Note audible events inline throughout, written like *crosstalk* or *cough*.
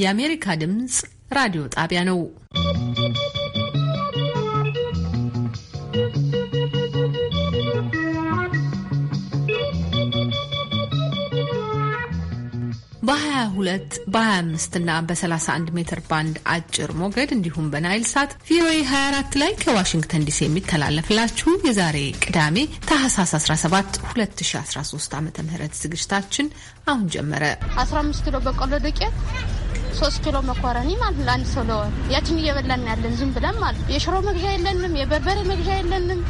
የአሜሪካ ድምፅ ራዲዮ ጣቢያ ነው። በ22 በ25 እና በ31 ሜትር ባንድ አጭር ሞገድ እንዲሁም በናይል ሳት ቪኦኤ 24 ላይ ከዋሽንግተን ዲሲ የሚተላለፍላችሁ የዛሬ ቅዳሜ ታህሳስ 17 2013 ዓ ም ዝግጅታችን አሁን ጀመረ። 15 ኪሎ በቆሎ ዱቄት ሶስት ኪሎ መኮረኒ ማለት ለአንድ ሰው ለወር ያችን እየበላን ያለን ዝም ብለን ማለት የሽሮ መግዣ የለንም፣ የበርበሬ መግዣ የለንም፣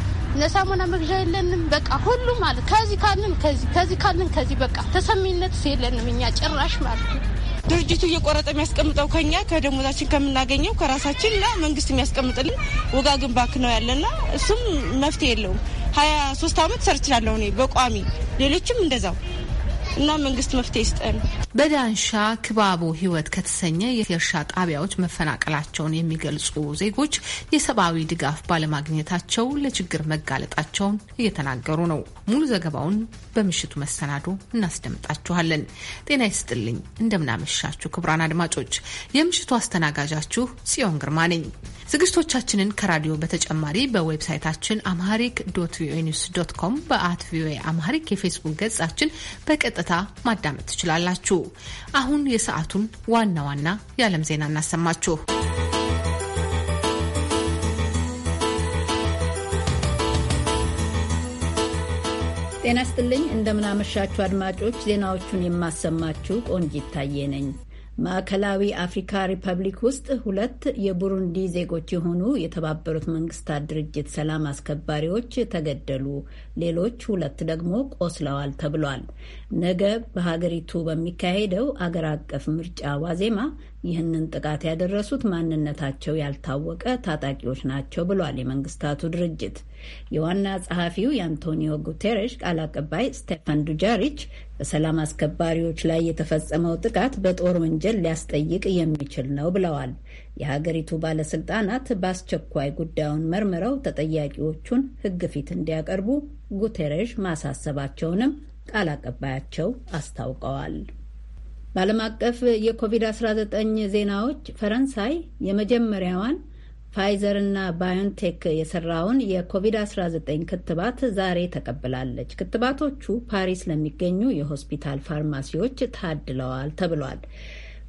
ነሳሙና መግዣ የለንም። በቃ ሁሉ ማለት ከዚህ ካልን ከዚህ ከዚህ ካልን ከዚህ በቃ ተሰሚነት የለንም እኛ ጭራሽ ማለት ነው። ድርጅቱ እየቆረጠ የሚያስቀምጠው ከኛ ከደሞዛችን ከምናገኘው ከራሳችን እና መንግስት የሚያስቀምጥልን ወጋግን ባንክ ነው ያለና እሱም መፍትሄ የለውም። ሀያ ሶስት አመት ሰርችላለሁ እኔ በቋሚ ሌሎችም እንደዛው እና መንግስት መፍትሄ ይስጠን። በዳንሻ ክባቡ ህይወት ከተሰኘ የእርሻ ጣቢያዎች መፈናቀላቸውን የሚገልጹ ዜጎች የሰብአዊ ድጋፍ ባለማግኘታቸው ለችግር መጋለጣቸውን እየተናገሩ ነው። ሙሉ ዘገባውን በምሽቱ መሰናዶ እናስደምጣችኋለን። ጤና ይስጥልኝ። እንደምናመሻችሁ ክቡራን አድማጮች፣ የምሽቱ አስተናጋጃችሁ ጽዮን ግርማ ነኝ። ዝግጅቶቻችንን ከራዲዮ በተጨማሪ በዌብሳይታችን አምሃሪክ ዶት ቪኦኤ ኒውስ ዶት ኮም፣ በአት ቪኦኤ አምሃሪክ የፌስቡክ ገጻችን በቀጥታ ማዳመጥ ትችላላችሁ። አሁን የሰዓቱን ዋና ዋና የዓለም ዜና እናሰማችሁ። ጤና ስትልኝ እንደምናመሻችሁ አድማጮች፣ ዜናዎቹን የማሰማችሁ ቆንጂት ታዬ ነኝ። ማዕከላዊ አፍሪካ ሪፐብሊክ ውስጥ ሁለት የቡሩንዲ ዜጎች የሆኑ የተባበሩት መንግስታት ድርጅት ሰላም አስከባሪዎች ተገደሉ፣ ሌሎች ሁለት ደግሞ ቆስለዋል ተብሏል። ነገ በሀገሪቱ በሚካሄደው አገር አቀፍ ምርጫ ዋዜማ ይህንን ጥቃት ያደረሱት ማንነታቸው ያልታወቀ ታጣቂዎች ናቸው ብሏል የመንግስታቱ ድርጅት። የዋና ጸሐፊው የአንቶኒዮ ጉቴሬሽ ቃል አቀባይ ስቴፋን ዱጃሪች በሰላም አስከባሪዎች ላይ የተፈጸመው ጥቃት በጦር ወንጀል ሊያስጠይቅ የሚችል ነው ብለዋል። የሀገሪቱ ባለስልጣናት በአስቸኳይ ጉዳዩን መርምረው ተጠያቂዎቹን ሕግ ፊት እንዲያቀርቡ ጉቴሬሽ ማሳሰባቸውንም ቃል አቀባያቸው አስታውቀዋል። በዓለም አቀፍ የኮቪድ-19 ዜናዎች ፈረንሳይ የመጀመሪያዋን ፋይዘር እና ባዮንቴክ የሰራውን የኮቪድ-19 ክትባት ዛሬ ተቀብላለች። ክትባቶቹ ፓሪስ ለሚገኙ የሆስፒታል ፋርማሲዎች ታድለዋል ተብሏል።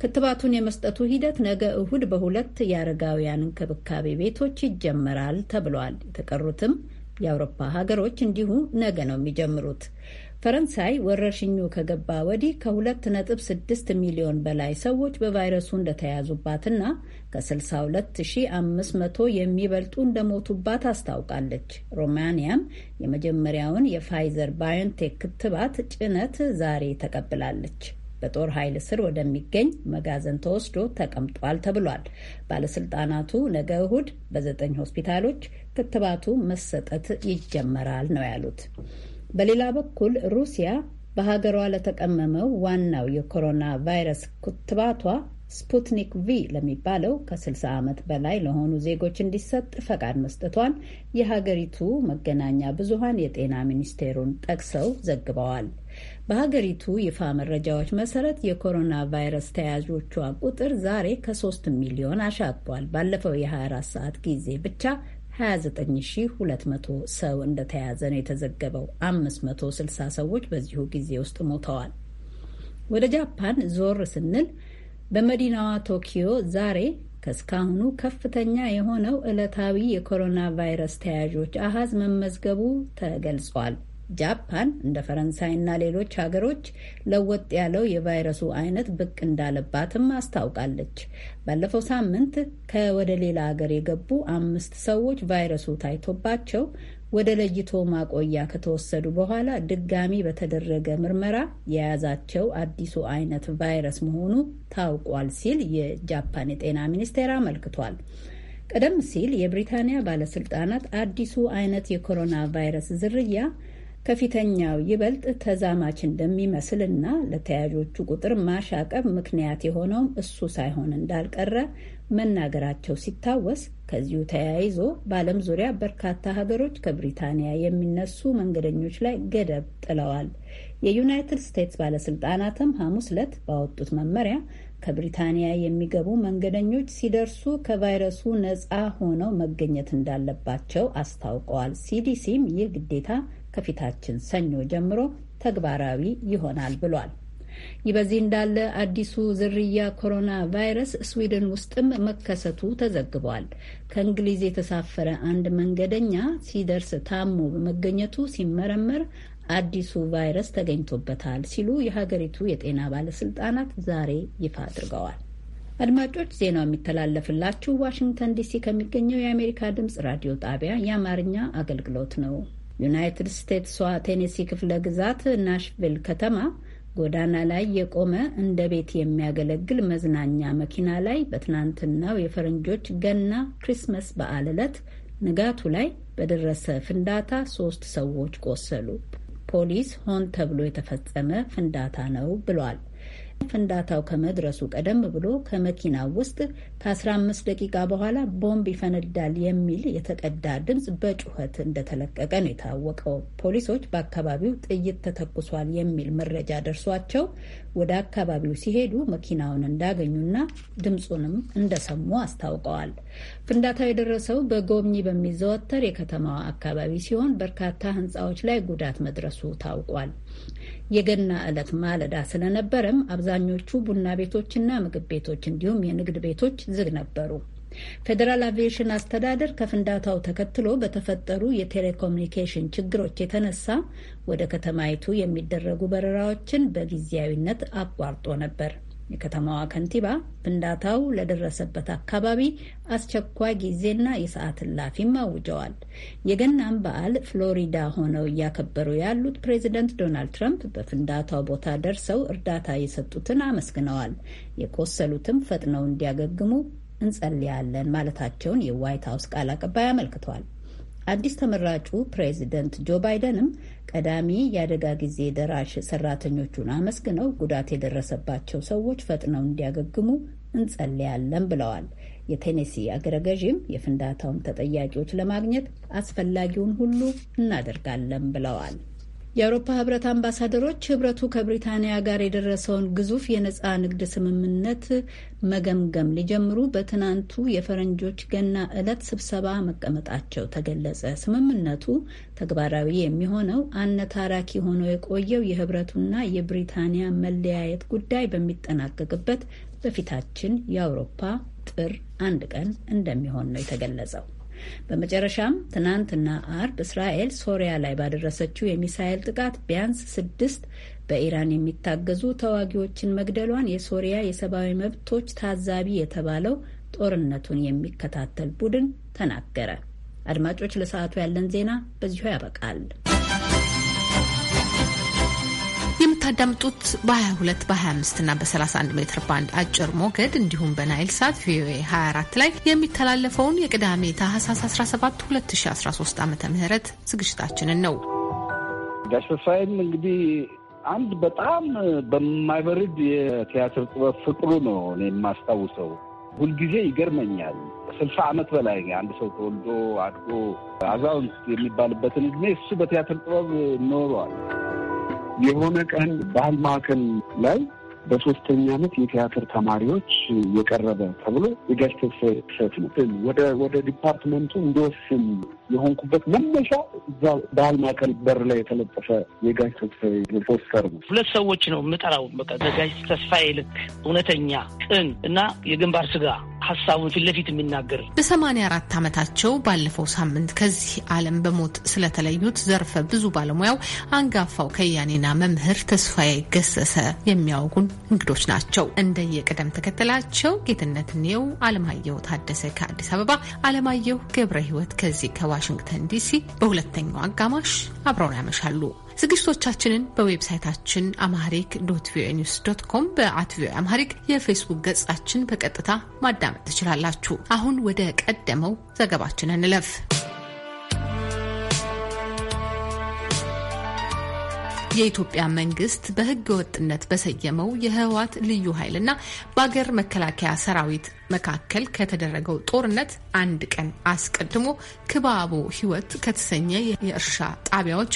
ክትባቱን የመስጠቱ ሂደት ነገ እሁድ በሁለት የአረጋውያን እንክብካቤ ቤቶች ይጀመራል ተብሏል። የተቀሩትም የአውሮፓ ሀገሮች እንዲሁ ነገ ነው የሚጀምሩት። ፈረንሳይ ወረርሽኙ ከገባ ወዲህ ከ2.6 ሚሊዮን በላይ ሰዎች በቫይረሱ እንደተያዙባትና ከ62500 የሚበልጡ እንደሞቱባት አስታውቃለች። ሮማኒያም የመጀመሪያውን የፋይዘር ባዮንቴክ ክትባት ጭነት ዛሬ ተቀብላለች። በጦር ኃይል ስር ወደሚገኝ መጋዘን ተወስዶ ተቀምጧል ተብሏል። ባለስልጣናቱ ነገ እሁድ በዘጠኝ ሆስፒታሎች ክትባቱ መሰጠት ይጀመራል ነው ያሉት። በሌላ በኩል ሩሲያ በሀገሯ ለተቀመመው ዋናው የኮሮና ቫይረስ ክትባቷ ስፑትኒክ ቪ ለሚባለው ከ60 ዓመት በላይ ለሆኑ ዜጎች እንዲሰጥ ፈቃድ መስጠቷን የሀገሪቱ መገናኛ ብዙኃን የጤና ሚኒስቴሩን ጠቅሰው ዘግበዋል። በሀገሪቱ ይፋ መረጃዎች መሰረት የኮሮና ቫይረስ ተያዦቿ ቁጥር ዛሬ ከ3 ሚሊዮን አሻግቧል። ባለፈው የ24 ሰዓት ጊዜ ብቻ 29200 ሰው እንደተያዘ ነው የተዘገበው። 560 ሰዎች በዚሁ ጊዜ ውስጥ ሞተዋል። ወደ ጃፓን ዞር ስንል በመዲናዋ ቶኪዮ ዛሬ ከእስካሁኑ ከፍተኛ የሆነው ዕለታዊ የኮሮና ቫይረስ ተያዦች አሃዝ መመዝገቡ ተገልጿል። ጃፓን እንደ ፈረንሳይና ሌሎች ሀገሮች ለወጥ ያለው የቫይረሱ አይነት ብቅ እንዳለባትም አስታውቃለች። ባለፈው ሳምንት ከወደ ሌላ ሀገር የገቡ አምስት ሰዎች ቫይረሱ ታይቶባቸው ወደ ለይቶ ማቆያ ከተወሰዱ በኋላ ድጋሚ በተደረገ ምርመራ የያዛቸው አዲሱ አይነት ቫይረስ መሆኑ ታውቋል ሲል የጃፓን የጤና ሚኒስቴር አመልክቷል። ቀደም ሲል የብሪታንያ ባለስልጣናት አዲሱ አይነት የኮሮና ቫይረስ ዝርያ ከፊተኛው ይበልጥ ተዛማች እንደሚመስል እና ለተያዦቹ ቁጥር ማሻቀብ ምክንያት የሆነውም እሱ ሳይሆን እንዳልቀረ መናገራቸው ሲታወስ ከዚሁ ተያይዞ በዓለም ዙሪያ በርካታ ሀገሮች ከብሪታንያ የሚነሱ መንገደኞች ላይ ገደብ ጥለዋል። የዩናይትድ ስቴትስ ባለስልጣናትም ሐሙስ ዕለት ባወጡት መመሪያ ከብሪታንያ የሚገቡ መንገደኞች ሲደርሱ ከቫይረሱ ነፃ ሆነው መገኘት እንዳለባቸው አስታውቀዋል። ሲዲሲም ይህ ግዴታ ከፊታችን ሰኞ ጀምሮ ተግባራዊ ይሆናል ብሏል። ይህ በዚህ እንዳለ አዲሱ ዝርያ ኮሮና ቫይረስ ስዊድን ውስጥም መከሰቱ ተዘግቧል። ከእንግሊዝ የተሳፈረ አንድ መንገደኛ ሲደርስ ታሞ በመገኘቱ ሲመረመር አዲሱ ቫይረስ ተገኝቶበታል ሲሉ የሀገሪቱ የጤና ባለስልጣናት ዛሬ ይፋ አድርገዋል። አድማጮች፣ ዜናው የሚተላለፍላችሁ ዋሽንግተን ዲሲ ከሚገኘው የአሜሪካ ድምፅ ራዲዮ ጣቢያ የአማርኛ አገልግሎት ነው። ዩናይትድ ስቴትሷ ቴኔሲ ክፍለ ግዛት ናሽቪል ከተማ ጎዳና ላይ የቆመ እንደ ቤት የሚያገለግል መዝናኛ መኪና ላይ በትናንትናው የፈረንጆች ገና ክሪስመስ በዓል ዕለት ንጋቱ ላይ በደረሰ ፍንዳታ ሶስት ሰዎች ቆሰሉ። ፖሊስ ሆን ተብሎ የተፈጸመ ፍንዳታ ነው ብሏል። ፍንዳታው ከመድረሱ ቀደም ብሎ ከመኪናው ውስጥ ከ15 ደቂቃ በኋላ ቦምብ ይፈነዳል የሚል የተቀዳ ድምፅ በጩኸት እንደተለቀቀ ነው የታወቀው። ፖሊሶች በአካባቢው ጥይት ተተኩሷል የሚል መረጃ ደርሷቸው ወደ አካባቢው ሲሄዱ መኪናውን እንዳገኙና ድምፁንም እንደሰሙ አስታውቀዋል። ፍንዳታው የደረሰው በጎብኚ በሚዘወተር የከተማዋ አካባቢ ሲሆን በርካታ ሕንፃዎች ላይ ጉዳት መድረሱ ታውቋል። የገና ዕለት ማለዳ ስለነበረም አብዛኞቹ ቡና ቤቶችና ምግብ ቤቶች እንዲሁም የንግድ ቤቶች ዝግ ነበሩ። ፌዴራል አቪዬሽን አስተዳደር ከፍንዳታው ተከትሎ በተፈጠሩ የቴሌኮሙኒኬሽን ችግሮች የተነሳ ወደ ከተማይቱ የሚደረጉ በረራዎችን በጊዜያዊነት አቋርጦ ነበር። የከተማዋ ከንቲባ ፍንዳታው ለደረሰበት አካባቢ አስቸኳይ ጊዜና የሰዓት እላፊም አውጀዋል። የገናም በዓል ፍሎሪዳ ሆነው እያከበሩ ያሉት ፕሬዚደንት ዶናልድ ትራምፕ በፍንዳታው ቦታ ደርሰው እርዳታ የሰጡትን አመስግነዋል። የቆሰሉትም ፈጥነው እንዲያገግሙ እንጸልያለን ማለታቸውን የዋይት ሀውስ ቃል አቀባይ አመልክቷል። አዲስ ተመራጩ ፕሬዚደንት ጆ ባይደንም ቀዳሚ የአደጋ ጊዜ ደራሽ ሰራተኞቹን አመስግነው ጉዳት የደረሰባቸው ሰዎች ፈጥነው እንዲያገግሙ እንጸልያለን ብለዋል። የቴኔሲ አገረ ገዥም የፍንዳታውን ተጠያቂዎች ለማግኘት አስፈላጊውን ሁሉ እናደርጋለን ብለዋል። የአውሮፓ ህብረት አምባሳደሮች ህብረቱ ከብሪታንያ ጋር የደረሰውን ግዙፍ የነፃ ንግድ ስምምነት መገምገም ሊጀምሩ በትናንቱ የፈረንጆች ገና ዕለት ስብሰባ መቀመጣቸው ተገለጸ። ስምምነቱ ተግባራዊ የሚሆነው አነታራኪ ሆኖ የቆየው የህብረቱና የብሪታንያ መለያየት ጉዳይ በሚጠናቀቅበት በፊታችን የአውሮፓ ጥር አንድ ቀን እንደሚሆን ነው የተገለጸው። በመጨረሻም ትናንትና አርብ እስራኤል ሶሪያ ላይ ባደረሰችው የሚሳኤል ጥቃት ቢያንስ ስድስት በኢራን የሚታገዙ ተዋጊዎችን መግደሏን የሶሪያ የሰብአዊ መብቶች ታዛቢ የተባለው ጦርነቱን የሚከታተል ቡድን ተናገረ። አድማጮች፣ ለሰዓቱ ያለን ዜና በዚሁ ያበቃል። የምታዳምጡት በ22 በ25 እና በ31 ሜትር ባንድ አጭር ሞገድ እንዲሁም በናይል ሳት ቪኦኤ 24 ላይ የሚተላለፈውን የቅዳሜ ታህሳስ 17 2013 ዓ ም ዝግጅታችንን ነው። ጋሽ እንግዲህ አንድ በጣም በማይበርድ የቲያትር ጥበብ ፍቅሩ ነው እኔ የማስታውሰው። ሁልጊዜ ይገርመኛል። ስልሳ ዓመት በላይ አንድ ሰው ተወልዶ አድጎ አዛውንት የሚባልበትን እድሜ እሱ በቲያትር ጥበብ ኖሯል። የሆነ ቀን ባህል ማዕከል ላይ በሶስተኛ ዓመት የቲያትር ተማሪዎች የቀረበ ተብሎ የጋሽ ተስፋዬ ነው። ወደ ዲፓርትመንቱ እንደወስን የሆንኩበት መነሻ እዛ ባህል ማዕከል በር ላይ የተለጠፈ የጋሽ ፖስተር ነው። ሁለት ሰዎች ነው የምጠራው። በቃ በጋሽ ተስፋዬ ልክ እውነተኛ ቅን እና የግንባር ስጋ ሀሳቡን ፊት ለፊት የሚናገር በሰማኒያ አራት ዓመታቸው ባለፈው ሳምንት ከዚህ ዓለም በሞት ስለተለዩት ዘርፈ ብዙ ባለሙያው አንጋፋው ከያኔና መምህር ተስፋዬ ገሰሰ የሚያወጉን እንግዶች ናቸው። እንደየቅደም ተከተላቸው ጌትነት ኔው፣ አለማየሁ ታደሰ ከአዲስ አበባ፣ አለማየሁ ገብረ ሕይወት ከዚህ ከዋሽንግተን ዲሲ በሁለተኛው አጋማሽ አብረውን ያመሻሉ። ዝግጅቶቻችንን በዌብሳይታችን አማሪክ ዶት ቪኦኤ ኒውስ ዶት ኮም በአት ቪኦኤ አማሪክ የፌስቡክ ገጻችን በቀጥታ ማዳመጥ ትችላላችሁ። አሁን ወደ ቀደመው ዘገባችን እንለፍ። የኢትዮጵያ መንግስት በህገ ወጥነት በሰየመው የህወሓት ልዩ ኃይልና በአገር መከላከያ ሰራዊት መካከል ከተደረገው ጦርነት አንድ ቀን አስቀድሞ ክባቦ ሕይወት ከተሰኘ የእርሻ ጣቢያዎች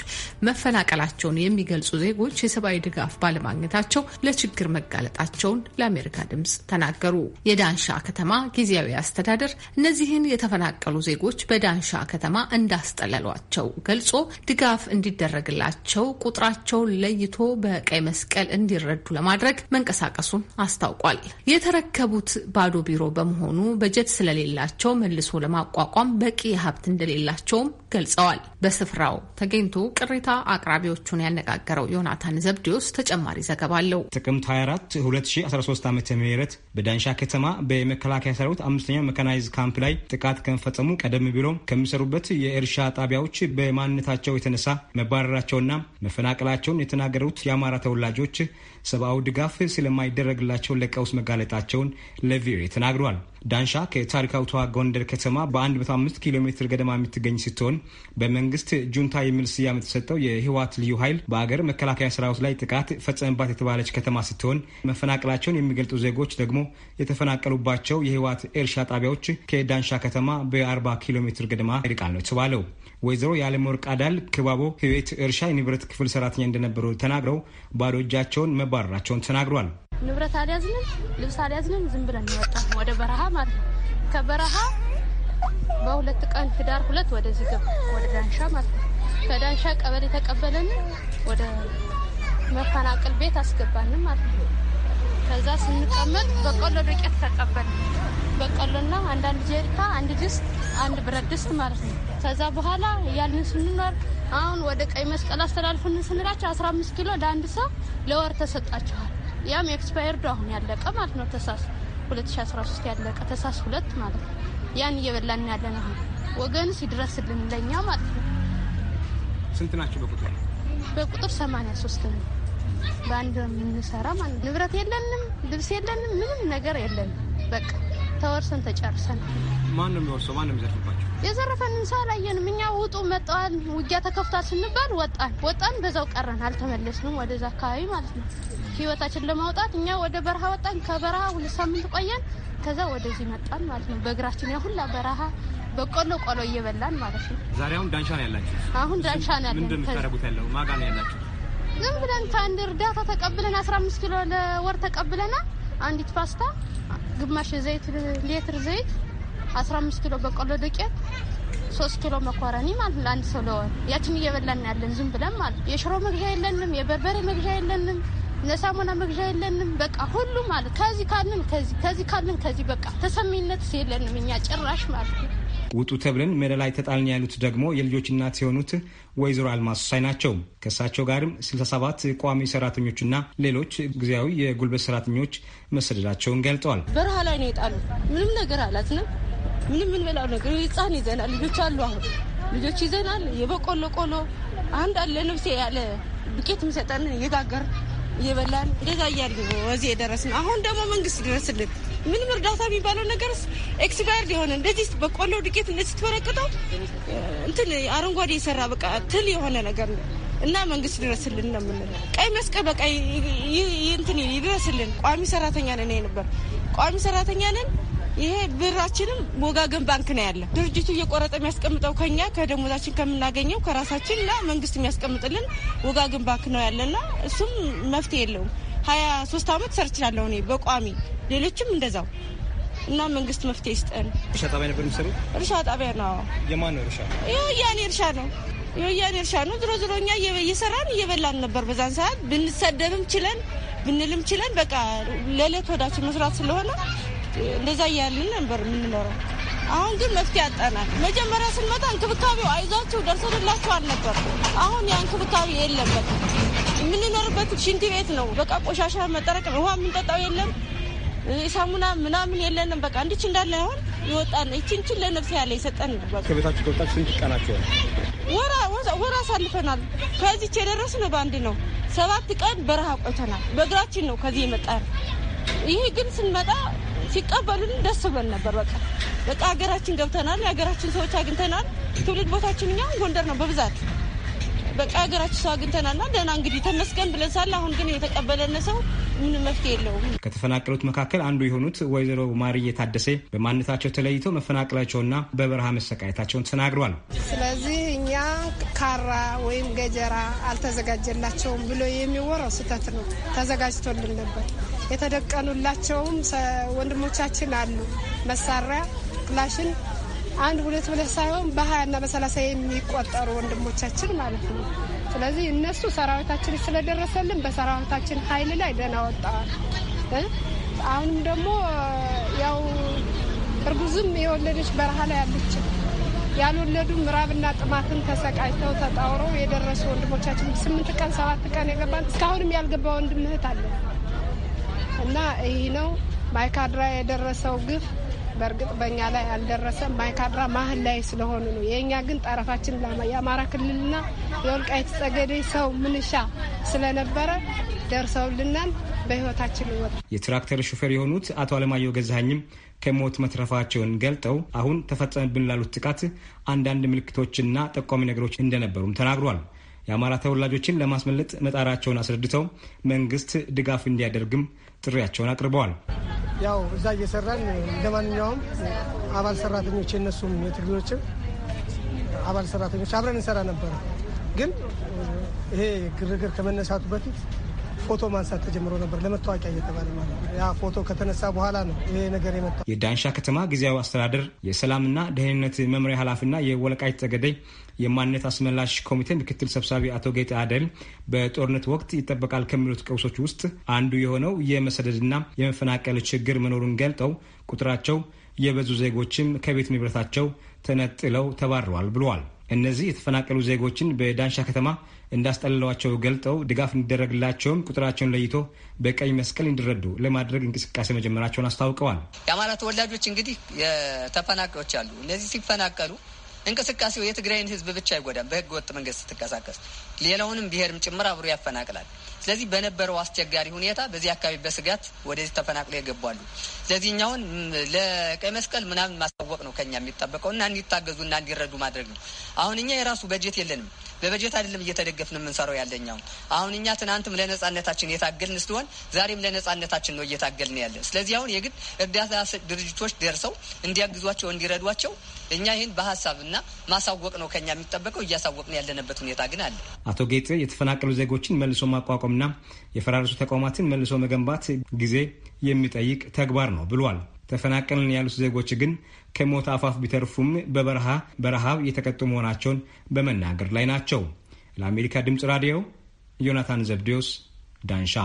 መፈናቀላቸውን የሚገልጹ ዜጎች የሰብአዊ ድጋፍ ባለማግኘታቸው ለችግር መጋለጣቸውን ለአሜሪካ ድምጽ ተናገሩ። የዳንሻ ከተማ ጊዜያዊ አስተዳደር እነዚህን የተፈናቀሉ ዜጎች በዳንሻ ከተማ እንዳስጠለሏቸው ገልጾ ድጋፍ እንዲደረግላቸው ቁጥራቸውን ለይቶ በቀይ መስቀል እንዲረዱ ለማድረግ መንቀሳቀሱን አስታውቋል። የተረከቡት ባዶ ቢሮ በመሆኑ በጀት ስለሌላቸው መልሶ ለማቋቋም በቂ ሀብት እንደሌላቸውም ገልጸዋል። በስፍራው ተገኝቶ ቅሬታ አቅራቢዎቹን ያነጋገረው ዮናታን ዘብዴዎስ ተጨማሪ ዘገባ አለው። ጥቅምት 24 2013 ዓ ም በዳንሻ ከተማ በመከላከያ ሰራዊት አምስተኛ መካናይዝ ካምፕ ላይ ጥቃት ከመፈጸሙ ቀደም ብሎ ከሚሰሩበት የእርሻ ጣቢያዎች በማንነታቸው የተነሳ መባረራቸውና መፈናቀላቸውን የተናገሩት የአማራ ተወላጆች ሰብአዊ ድጋፍ ስለማይደረግላቸው ለቀውስ መጋለጣቸውን ለቪኦኤ ተናግሯል። ዳንሻ ከታሪካዊቷ ጎንደር ከተማ በ15 ኪሎ ሜትር ገደማ የምትገኝ ስትሆን በመንግስት ጁንታ የሚል ስያሜ የተሰጠው የህወሓት ልዩ ኃይል በአገር መከላከያ ሰራዊት ላይ ጥቃት ፈጸመባት የተባለች ከተማ ስትሆን መፈናቀላቸውን የሚገልጡ ዜጎች ደግሞ የተፈናቀሉባቸው የህወሓት እርሻ ጣቢያዎች ከዳንሻ ከተማ በ40 ኪሎ ሜትር ገደማ ይርቃል ነው የተባለው። ወይዘሮ የዓለምወርቅ አዳል ክባቦ ህቤት እርሻ የንብረት ክፍል ሰራተኛ እንደነበሩ ተናግረው ባዶ እጃቸውን መባረራቸውን ተናግሯል። ንብረት አልያዝንም፣ ልብስ አልያዝንም። ዝም ብለን ወጣ ወደ በረሃ ማለት ነው። ከበረሃ በሁለት ቀን ህዳር ሁለት ወደዚህ ገብ ወደ ዳንሻ ማለት ነው። ከዳንሻ ቀበሌ ተቀበለን ወደ መፈናቀል ቤት አስገባንም ማለት ነው። ከዛ ስንቀመጥ በቆሎ ዱቄት ተቀበል በቆሎና አንዳንድ ጀሪካ፣ አንድ ድስት፣ አንድ ብረት ድስት ማለት ነው። ከዛ በኋላ እያልን ስንኖር አሁን ወደ ቀይ መስቀል አስተላልፉን ስንላቸው አምስት ኪሎ ለአንድ ሰው ለወር ተሰጣችኋል ያም ኤክስፓየርዶ አሁን ያለቀ ማለት ነው። ተሳስ 2013 ያለቀ ተሳስ ሁለት ማለት ነው። ያን እየበላን ያለ አሁን ወገን ሲድረስልን ለኛ ማለት ነው። ስንት ናቸው በቁጥር? በቁጥር 83 ነው። በአንድ የምንሰራ ማለት ንብረት የለንም፣ ልብስ የለንም፣ ምንም ነገር የለንም በቃ ተወርሰን ተጨርሰን። ማንም ነው የሚወርሰው? ማን ነው የሚዘርፍባቸው? የዘረፈንን ሰው አላየንም እኛ። ውጡ መጣዋል፣ ውጊያ ተከፍቷል ስንባል ወጣን። ወጣን በዛው ቀረን፣ አልተመለስንም ወደዛ አካባቢ ማለት ነው። ህይወታችን ለማውጣት እኛ ወደ በረሃ ወጣን። ከበረሃ ሁለት ሳምንት ቆየን። ከዛ ወደዚህ መጣን ማለት ነው። በእግራችን ያሁላ በረሃ በቆሎ ቆሎ እየበላን ማለት ነው። ዛሬ አሁን ዳንሻ ነው ያላችሁ? አሁን ዳንሻ ነው ያለን። ምንድን የምታደርጉት ያለው ማጋ ነው ያላችሁ? ዝም ብለን ከአንድ እርዳታ ተቀብለን 15 ኪሎ ለወር ተቀብለና አንዲት ፓስታ ግማሽ ዘይት ሊትር ዘይት 15 ኪሎ በቆሎ ዱቄት ሶስት ኪሎ መኮረኒ ማለት ለአንድ ሰው ለወር ያችን እየበላን ያለን ዝም ብለን ማለት የሽሮ መግዣ የለንም፣ የበርበሬ መግዣ የለንም፣ ነሳሙና መግዣ የለንም። በቃ ሁሉ ማለት ከዚህ ካልን ከዚህ ከዚህ ካልን ከዚህ በቃ ተሰሚነት የለንም እኛ ጭራሽ ማለት ነው። ውጡ ተብለን ሜዳ ላይ ተጣልን ያሉት ደግሞ የልጆች እናት የሆኑት ወይዘሮ አልማስ ሳይ ናቸው። ከእሳቸው ጋርም 67 ቋሚ ሰራተኞችና ሌሎች ጊዜያዊ የጉልበት ሰራተኞች መሰደዳቸውን ገልጠዋል። በረሃ ላይ ነው የጣሉ። ምንም ነገር አላትንም። ምንም ምንበላው ነገር ህፃን ይዘናል። ልጆች አሉ። አሁን ልጆች ይዘናል። የበቆሎ ቆሎ አንድ አለ ነፍሴ ያለ ዱቄት የሚሰጠን እየጋገር እየበላን እንደዛ እያልን ወዚህ የደረስን። አሁን ደግሞ መንግስት ድረስልን ምንም እርዳታ የሚባለው ነገርስ ኤክስፓየርድ የሆነ እንደዚህ በቆሎ ዱቄት እንደዚህ ተወረቅጠው እንትን አረንጓዴ የሰራ በቃ ትል የሆነ ነገር ነው እና መንግስት ድረስልን ነው የምንለው። ቀይ መስቀል በቃ እንትን ይድረስልን። ቋሚ ሰራተኛ ነን ነበር ቋሚ ሰራተኛ ነን። ይሄ ብራችንም ወጋገን ባንክ ነው ያለ። ድርጅቱ እየቆረጠ የሚያስቀምጠው ከኛ ከደሞዛችን ከምናገኘው ከራሳችን እና መንግስት የሚያስቀምጥልን ወጋገን ባንክ ነው ያለና እሱም መፍትሄ የለውም። ሀያ ሶስት አመት ሰርችላለሁ እኔ በቋሚ ሌሎችም እንደዛው እና መንግስት መፍትሄ ይስጠን። እርሻ ጣቢያ ነበር የሚሰሩ እርሻ ጣቢያ ነው። የማን ነው እርሻ? የወያኔ እርሻ ነው። የወያኔ እርሻ ነው። ዝሮ ዝሮ እኛ እየሰራን እየበላን ነበር። በዛን ሰዓት ብንሰደብም ችለን ብንልም ችለን በቃ ለዕለት ወዳችን መስራት ስለሆነ እንደዛ እያልን ነበር የምንኖረው። አሁን ግን መፍትሄ ያጠናል። መጀመሪያ ስንመጣ እንክብካቤው አይዟቸው ደርሰንላቸዋል አልነበር። አሁን ያ እንክብካቤ የለም የምንኖርበት ሽንት ቤት ነው። በቃ ቆሻሻ መጠረቅ ነው። ውሃ የምንጠጣው የለም፣ ሳሙና ምናምን የለንም። በቃ እንዲች እንዳለ ይሆን ይወጣል። ይችንችን ለነፍስ ያለ የሰጠን ከቤታችሁ ከወጣችሁ ስንት ቀናችሁ? ወራ ወራ አሳልፈናል። ከዚች የደረስ ነው በአንድ ነው። ሰባት ቀን በረሃ ቆይተናል። በእግራችን ነው ከዚህ የመጣ ይህ ግን ስንመጣ ሲቀበሉን ደስ ብለን ነበር። በቃ በቃ ሀገራችን ገብተናል። የሀገራችን ሰዎች አግኝተናል። ትውልድ ቦታችን እኛ ጎንደር ነው በብዛት በቃ ሀገራችን ሰው አግኝተናልና ደህና እንግዲህ ተመስገን ብለን ሳለ አሁን ግን የተቀበለን ሰው ምንም መፍትሄ የለውም። ከተፈናቀሉት መካከል አንዱ የሆኑት ወይዘሮ ማርዬ ታደሴ በማንነታቸው ተለይቶ መፈናቀላቸውና በበረሃ መሰቃየታቸውን ተናግረዋል። ስለዚህ እኛ ካራ ወይም ገጀራ አልተዘጋጀላቸውም ብሎ የሚወራው ስህተት ነው። ተዘጋጅቶልን ነበር። የተደቀኑላቸውም ወንድሞቻችን አሉ መሳሪያ ክላሽን አንድ ሁለት ሁለት ሳይሆን በሀያና እና በሰላሳ የሚቆጠሩ ወንድሞቻችን ማለት ነው። ስለዚህ እነሱ ሰራዊታችን ስለደረሰልን በሰራዊታችን ኃይል ላይ ደህና ወጣዋል። አሁንም ደግሞ ያው እርጉዝም የወለደች በረሃ ላይ ያለች ያልወለዱ ምራብና ጥማትን ተሰቃይተው ተጣውረው የደረሱ ወንድሞቻችን ስምንት ቀን ሰባት ቀን የገባን እስካሁንም ያልገባ ወንድም እህት አለ እና ይህ ነው ማይካድራ የደረሰው ግፍ በእርግጥ በእኛ ላይ አልደረሰም። ማይካድራ ማህል ላይ ስለሆኑ ነው። የእኛ ግን ጠረፋችን የአማራ ክልልና የወልቃይት ጸገዴ ሰው ምንሻ ስለነበረ ደርሰውልናል። በህይወታችን ወጣ የትራክተር ሹፌር የሆኑት አቶ አለማየሁ ገዛኝም ከሞት መትረፋቸውን ገልጠው አሁን ተፈጸመብን ላሉት ጥቃት አንዳንድ ምልክቶችና ጠቋሚ ነገሮች እንደነበሩም ተናግሯል። የአማራ ተወላጆችን ለማስመለጥ መጣራቸውን አስረድተው መንግስት ድጋፍ እንዲያደርግም ጥሪያቸውን አቅርበዋል። ያው እዛ እየሰራን እንደ ማንኛውም አባል ሰራተኞች የነሱም የትግሎችም አባል ሰራተኞች አብረን እንሰራ ነበር። ግን ይሄ ግርግር ከመነሳቱ በፊት ፎቶ ማንሳት ተጀምሮ ነበር ለመታወቂያ እየተባለ ማለት ያ ፎቶ ከተነሳ በኋላ ነው ይሄ ነገር የመጣ። የዳንሻ ከተማ ጊዜያዊ አስተዳደር የሰላምና ደህንነት መምሪያ ኃላፊና የወልቃይት ጠገዴ የማንነት አስመላሽ ኮሚቴ ምክትል ሰብሳቢ አቶ ጌጤ አደል በጦርነት ወቅት ይጠበቃል ከሚሉት ቀውሶች ውስጥ አንዱ የሆነው የመሰደድና የመፈናቀል ችግር መኖሩን ገልጠው ቁጥራቸው የበዙ ዜጎችም ከቤት ንብረታቸው ተነጥለው ተባረዋል ብለዋል። እነዚህ የተፈናቀሉ ዜጎችን በዳንሻ ከተማ እንዳስጠለሏቸው ገልጠው ድጋፍ እንዲደረግላቸውም ቁጥራቸውን ለይቶ በቀይ መስቀል እንዲረዱ ለማድረግ እንቅስቃሴ መጀመራቸውን አስታውቀዋል። የአማራ ተወላጆች እንግዲህ ተፈናቃዮች አሉ። እነዚህ ሲፈናቀሉ እንቅስቃሴው የትግራይን ህዝብ ብቻ አይጎዳም። በህገ ወጥ መንገድ ስትንቀሳቀስ ሌላውንም ብሔርም ጭምር አብሮ ያፈናቅላል። ስለዚህ በነበረው አስቸጋሪ ሁኔታ በዚህ አካባቢ በስጋት ወደዚህ ተፈናቅለው የገቧሉ። ስለዚህ እኛውን ለቀይ መስቀል ምናምን ማሳወቅ ነው ከኛ የሚጠበቀው እና እንዲታገዙ እና እንዲረዱ ማድረግ ነው። አሁን እኛ የራሱ በጀት የለንም። በበጀት አይደለም እየተደገፍን የምንሰራው ያለኛው። አሁን እኛ ትናንትም ለነጻነታችን የታገልን ስትሆን ዛሬም ለነጻነታችን ነው እየታገልን ያለ። ስለዚህ አሁን የግድ እርዳታ ድርጅቶች ደርሰው እንዲያግዟቸው፣ እንዲረዷቸው እኛ ይህን በሀሳብና ማሳወቅ ነው ከኛ የሚጠበቀው። እያሳወቅን ያለንበት ሁኔታ ግን አለ። አቶ ጌጥ የተፈናቀሉ ዜጎችን መልሶ ማቋቋምና የፈራረሱ ተቋማትን መልሶ መገንባት ጊዜ የሚጠይቅ ተግባር ነው ብሏል። ተፈናቀልን ያሉት ዜጎች ግን ከሞት አፋፍ ቢተርፉም በበረሃ በረሃብ የተቀጡ መሆናቸውን በመናገር ላይ ናቸው። ለአሜሪካ ድምፅ ራዲዮ ዮናታን ዘብዴዎስ ዳንሻ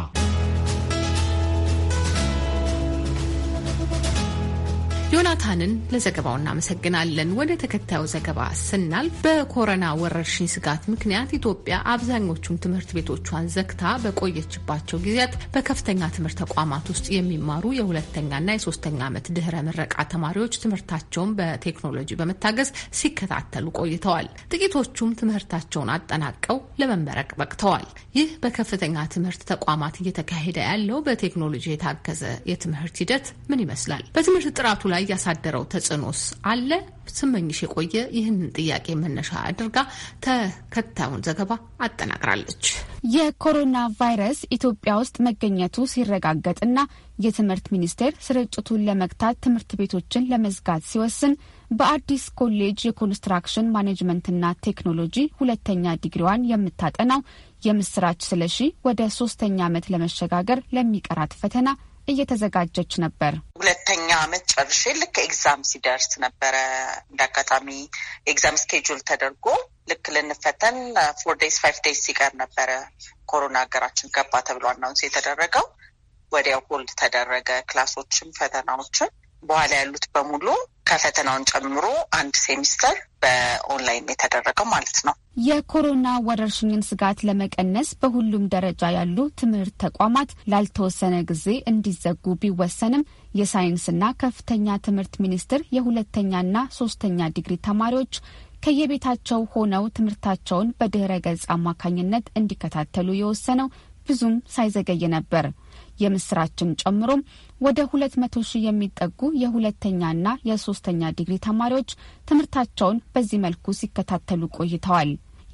ናታንን ለዘገባው እናመሰግናለን። ወደ ተከታዩ ዘገባ ስናልፍ በኮረና ወረርሽኝ ስጋት ምክንያት ኢትዮጵያ አብዛኞቹን ትምህርት ቤቶቿን ዘግታ በቆየችባቸው ጊዜያት በከፍተኛ ትምህርት ተቋማት ውስጥ የሚማሩ የሁለተኛና የሶስተኛ ዓመት ድህረ ምረቃ ተማሪዎች ትምህርታቸውን በቴክኖሎጂ በመታገዝ ሲከታተሉ ቆይተዋል። ጥቂቶቹም ትምህርታቸውን አጠናቀው ለመመረቅ በቅተዋል። ይህ በከፍተኛ ትምህርት ተቋማት እየተካሄደ ያለው በቴክኖሎጂ የታገዘ የትምህርት ሂደት ምን ይመስላል? በትምህርት ጥራቱ ላይ ያሳ ያሳደረው ተጽዕኖስ አለ? ስመኝሽ የቆየ ይህንን ጥያቄ መነሻ አድርጋ ተከታዩን ዘገባ አጠናቅራለች። የኮሮና ቫይረስ ኢትዮጵያ ውስጥ መገኘቱ ሲረጋገጥና የትምህርት ሚኒስቴር ስርጭቱን ለመግታት ትምህርት ቤቶችን ለመዝጋት ሲወስን በአዲስ ኮሌጅ የኮንስትራክሽን ማኔጅመንትና ቴክኖሎጂ ሁለተኛ ዲግሪዋን የምታጠናው የምስራች ስለሺ ወደ ሶስተኛ ዓመት ለመሸጋገር ለሚቀራት ፈተና እየተዘጋጀች ነበር። ሁለተኛ አመት ጨርሼ ልክ ኤግዛም ሲደርስ ነበረ እንደ አጋጣሚ ኤግዛም ስኬጁል ተደርጎ ልክ ልንፈተን ፎር ዴይስ ፋይቭ ዴይስ ሲቀር ነበረ ኮሮና ሀገራችን ገባ ተብሎ አናውንስ የተደረገው። ወዲያው ሆልድ ተደረገ ክላሶችም ፈተናዎችም። በኋላ ያሉት በሙሉ ከፈተናውን ጨምሮ አንድ ሴሚስተር በኦንላይን የተደረገው ማለት ነው። የኮሮና ወረርሽኝን ስጋት ለመቀነስ በሁሉም ደረጃ ያሉ ትምህርት ተቋማት ላልተወሰነ ጊዜ እንዲዘጉ ቢወሰንም የሳይንስና ከፍተኛ ትምህርት ሚኒስቴር የሁለተኛና ሶስተኛ ዲግሪ ተማሪዎች ከየቤታቸው ሆነው ትምህርታቸውን በድህረ ገጽ አማካኝነት እንዲከታተሉ የወሰነው ብዙም ሳይዘገይ ነበር። የምስራችን ጨምሮም ወደ ሁለት መቶ ሺህ የሚጠጉ የሁለተኛና የሶስተኛ ዲግሪ ተማሪዎች ትምህርታቸውን በዚህ መልኩ ሲከታተሉ ቆይተዋል።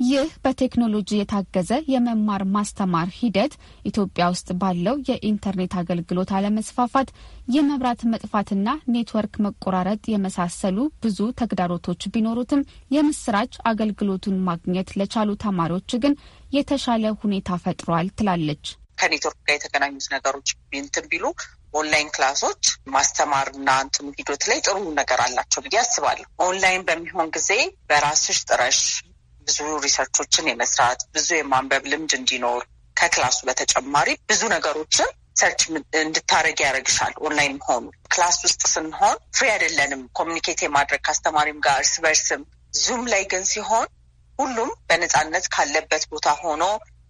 ይህ በቴክኖሎጂ የታገዘ የመማር ማስተማር ሂደት ኢትዮጵያ ውስጥ ባለው የኢንተርኔት አገልግሎት አለመስፋፋት፣ የመብራት መጥፋትና ኔትወርክ መቆራረጥ የመሳሰሉ ብዙ ተግዳሮቶች ቢኖሩትም የምስራች አገልግሎቱን ማግኘት ለቻሉ ተማሪዎች ግን የተሻለ ሁኔታ ፈጥሯል ትላለች። ከኔትወርክ ጋር የተገናኙት ነገሮች እንትን ቢሉ ኦንላይን ክላሶች ማስተማርና እንትኑ ሂዶት ላይ ጥሩ ነገር አላቸው ብዬ አስባለሁ። ኦንላይን በሚሆን ጊዜ በራስሽ ጥረሽ ብዙ ሪሰርቾችን የመስራት ብዙ የማንበብ ልምድ እንዲኖር ከክላሱ በተጨማሪ ብዙ ነገሮችን ሰርች እንድታረግ ያደረግሻል። ኦንላይን መሆኑ ክላስ ውስጥ ስንሆን ፍሪ አይደለንም ኮሚኒኬት የማድረግ ከአስተማሪም ጋር እርስ በርስም። ዙም ላይ ግን ሲሆን ሁሉም በነፃነት ካለበት ቦታ ሆኖ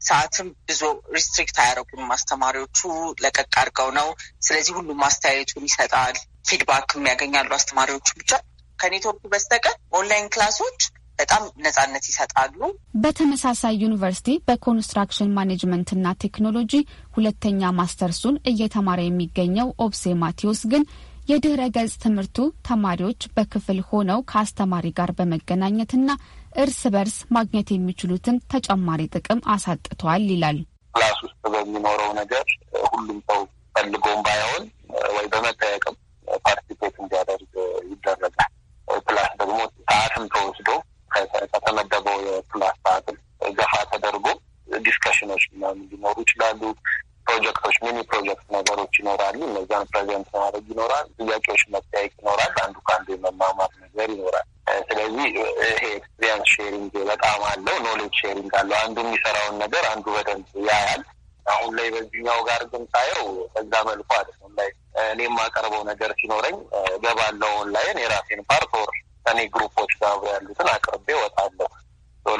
ሰዓትም ብዙ ሪስትሪክት አያደረጉም አስተማሪዎቹ ለቀቅ አድርገው ነው። ስለዚህ ሁሉም አስተያየቱን ይሰጣል፣ ፊድባክም ያገኛሉ አስተማሪዎቹ ብቻ ከኔትወርኩ በስተቀር ኦንላይን ክላሶች በጣም ነጻነት ይሰጣሉ። በተመሳሳይ ዩኒቨርሲቲ በኮንስትራክሽን ማኔጅመንትና ቴክኖሎጂ ሁለተኛ ማስተርሱን እየተማረ የሚገኘው ኦብሴ ማቴዎስ ግን የድህረ ገጽ ትምህርቱ ተማሪዎች በክፍል ሆነው ከአስተማሪ ጋር በመገናኘትና እርስ በርስ ማግኘት የሚችሉትን ተጨማሪ ጥቅም አሳጥቷል ይላል። ክላስ ውስጥ በሚኖረው ነገር ሁሉም ሰው ፈልጎም ባይሆን ወይ በመጠየቅም ፓርቲፔት እንዲያደርግ ይደረጋል። ፕላስ ደግሞ ሰዓትም ተወስዶ ከተመደበው የፕላስ ሰዓትም ገፋ ተደርጎ ዲስከሽኖች ምናምን ሊኖሩ ይችላሉ። ፕሮጀክቶች ሚኒ ፕሮጀክት ነገሮች ይኖራሉ። እነዚያን ፕሬዘንት ማድረግ ይኖራል። ጥያቄዎች መጠያየቅ ይኖራል። አንዱ ከአንዱ የመማማር ነገር ይኖራል። ስለዚህ ይሄ ኤክስፒሪየንስ ሼሪንግ በጣም አለው። ኖሌጅ ሼሪንግ አለው። አንዱ የሚሰራውን ነገር አንዱ በደንብ ያያል። አሁን ላይ በዚህኛው ጋር ግን ሳየው በዛ መልኩ አይደለም። ላይ እኔ የማቀርበው ነገር ሲኖረኝ ገባለው ኦንላይን የራሴን ፓርቶር ከኔ ግሩፖች ጋር ያሉትን አቅርቤ ወጣለሁ።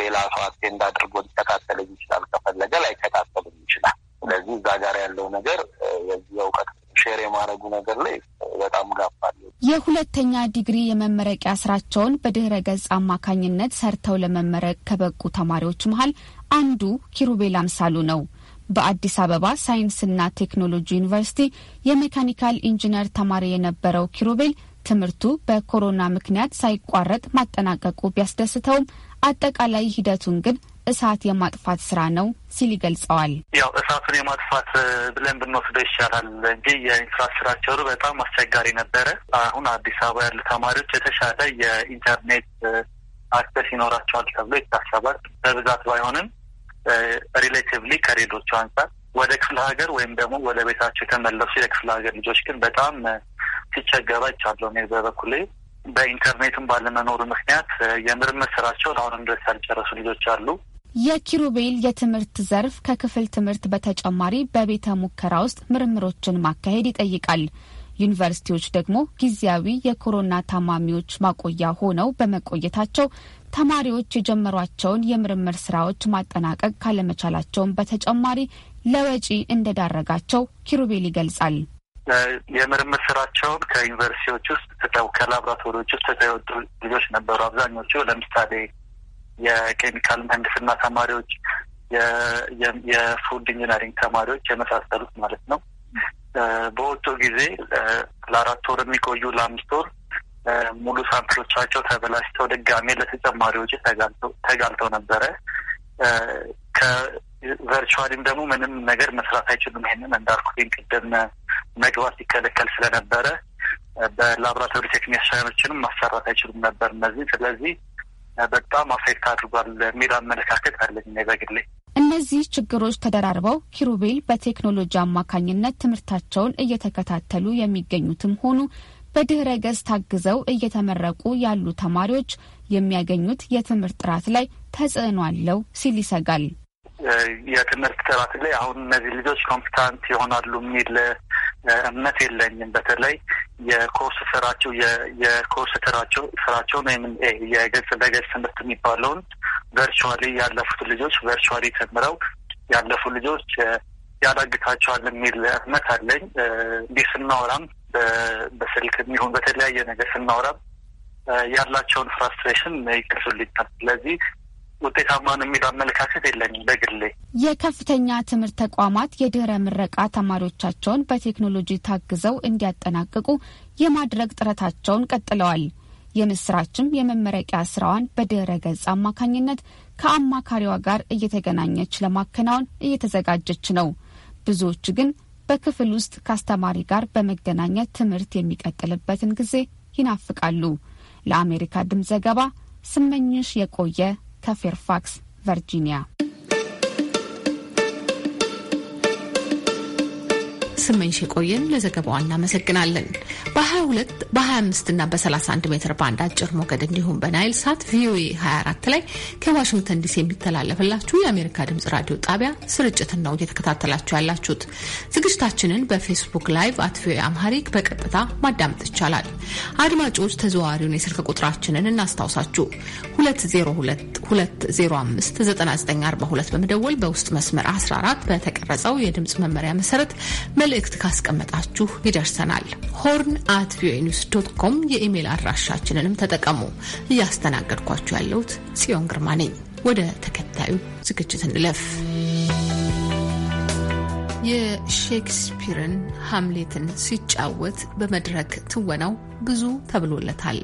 ሌላ ሰው አቴንድ አድርጎ ሊከታተለኝ ይችላል። ከፈለገ ላይከታተልም ይችላል። ስለዚህ እዛ ጋር ያለው ነገር የዚህ እውቀት ሼር የማድረጉ ነገር ላይ በጣም ጋፋል። የሁለተኛ ዲግሪ የመመረቂያ ስራቸውን በድህረ ገጽ አማካኝነት ሰርተው ለመመረቅ ከበቁ ተማሪዎች መሀል አንዱ ኪሩቤል አምሳሉ ነው። በአዲስ አበባ ሳይንስና ቴክኖሎጂ ዩኒቨርሲቲ የሜካኒካል ኢንጂነር ተማሪ የነበረው ኪሩቤል ትምህርቱ በኮሮና ምክንያት ሳይቋረጥ ማጠናቀቁ ቢያስደስተውም አጠቃላይ ሂደቱን ግን እሳት የማጥፋት ስራ ነው ሲል ይገልጸዋል። ያው እሳቱን የማጥፋት ብለን ብንወስደው ይሻላል እንጂ የኢንፍራስትራክቸሩ በጣም አስቸጋሪ ነበረ። አሁን አዲስ አበባ ያሉ ተማሪዎች የተሻለ የኢንተርኔት አክሰስ ይኖራቸዋል ተብሎ ይታሰባል። በብዛት ባይሆንም ሪሌቲቭሊ ከሌሎቹ አንጻር ወደ ክፍለ ሀገር ወይም ደግሞ ወደ ቤታቸው የተመለሱ የክፍለ ሀገር ልጆች ግን በጣም ሲቸገባ ይቻለሁ። እኔ በበኩሌ በኢንተርኔትም ባለመኖሩ ምክንያት የምርምር ስራቸውን አሁንም ድረስ ያልጨረሱ ልጆች አሉ። የኪሩቤል የትምህርት ዘርፍ ከክፍል ትምህርት በተጨማሪ በቤተ ሙከራ ውስጥ ምርምሮችን ማካሄድ ይጠይቃል። ዩኒቨርሲቲዎች ደግሞ ጊዜያዊ የኮሮና ታማሚዎች ማቆያ ሆነው በመቆየታቸው ተማሪዎች የጀመሯቸውን የምርምር ስራዎች ማጠናቀቅ ካለመቻላቸውን በተጨማሪ ለወጪ እንደዳረጋቸው ኪሩቤል ይገልጻል። የምርምር ስራቸውን ከዩኒቨርሲቲዎች ውስጥ ከላብራቶሪዎች ውስጥ የተወጡ ልጆች ነበሩ። አብዛኞቹ ለምሳሌ የኬሚካል ምህንድስና ተማሪዎች፣ የፉድ ኢንጂነሪንግ ተማሪዎች የመሳሰሉት ማለት ነው። በወጡ ጊዜ ለአራት ወር የሚቆዩ ለአምስት ወር ሙሉ ሳምፕሎቻቸው ተበላሽተው ድጋሜ ለተጨማሪ ተጋልተው ነበረ። ከቨርቹዋሊም ደግሞ ምንም ነገር መስራት አይችሉም። ይሄንን እንዳልኩኝ ቅድም መግባት ይከለከል ስለነበረ በላብራቶሪ ቴክኒሽያኖችንም ማሰራት አይችሉም ነበር እነዚህ። ስለዚህ በጣም አፌክት አድርጓል የሚል አመለካከት አለኝ እኔ በግሌ። እነዚህ ችግሮች ተደራርበው ኪሩቤል በቴክኖሎጂ አማካኝነት ትምህርታቸውን እየተከታተሉ የሚገኙትም ሆኑ በድህረ ገጽ ታግዘው እየተመረቁ ያሉ ተማሪዎች የሚያገኙት የትምህርት ጥራት ላይ ተጽዕኖ አለው ሲል ይሰጋል። የትምህርት ጥራት ላይ አሁን እነዚህ ልጆች ኮምፒታንት ይሆናሉ የሚል እምነት የለኝም። በተለይ የኮርስ ስራቸው የኮርስ ስራቸው ስራቸውን ወይም የገጽ ለገጽ ትምህርት የሚባለውን ቨርቹዋሊ ያለፉት ልጆች ቨርቹዋሊ ተምረው ያለፉ ልጆች ያዳግታቸዋል የሚል እምነት አለኝ። እንዲህ ስናወራም በስልክ የሚሆን በተለያየ ነገር ስናወራም ያላቸውን ፍራስትሬሽን ይቀርሱልኛል። ስለዚህ ውጤታማ ነው የሚል አመለካከት የለኝም በግሌ። የከፍተኛ ትምህርት ተቋማት የድህረ ምረቃ ተማሪዎቻቸውን በቴክኖሎጂ ታግዘው እንዲያጠናቅቁ የማድረግ ጥረታቸውን ቀጥለዋል። የምስራችም የመመረቂያ ስራዋን በድረ ገጽ አማካኝነት ከአማካሪዋ ጋር እየተገናኘች ለማከናወን እየተዘጋጀች ነው። ብዙዎች ግን በክፍል ውስጥ ከአስተማሪ ጋር በመገናኘት ትምህርት የሚቀጥልበትን ጊዜ ይናፍቃሉ። ለአሜሪካ ድምፅ ዘገባ ስመኝሽ የቆየ ከፌርፋክስ ቨርጂኒያ ስመኝሽ የቆየን ለዘገባዋ እናመሰግናለን። በ22 በ25 እና በ31 ሜትር ባንድ አጭር ሞገድ እንዲሁም በናይል ሳት ቪኦኤ 24 ላይ ከዋሽንግተን ዲሲ የሚተላለፍላችሁ የአሜሪካ ድምጽ ራዲዮ ጣቢያ ስርጭትን ነው እየተከታተላችሁ ያላችሁት። ዝግጅታችንን በፌስቡክ ላይቭ አት ቪኦኤ አምሃሪክ በቀጥታ ማዳመጥ ይቻላል። አድማጮች ተዘዋዋሪውን የስልክ ቁጥራችንን እናስታውሳችሁ 2022059942 በመደወል በውስጥ መስመር 14 በተቀረጸው የድምጽ መመሪያ መሰረት መልእክት መልእክት ካስቀመጣችሁ ይደርሰናል። ሆርን አት ቪኦኤ ኒውስ ዶት ኮም የኢሜይል አድራሻችንንም ተጠቀሙ። እያስተናገድኳችሁ ያለሁት ጽዮን ግርማ ነኝ። ወደ ተከታዩ ዝግጅት እንለፍ። የሼክስፒርን ሀምሌትን ሲጫወት በመድረክ ትወናው ብዙ ተብሎለታል።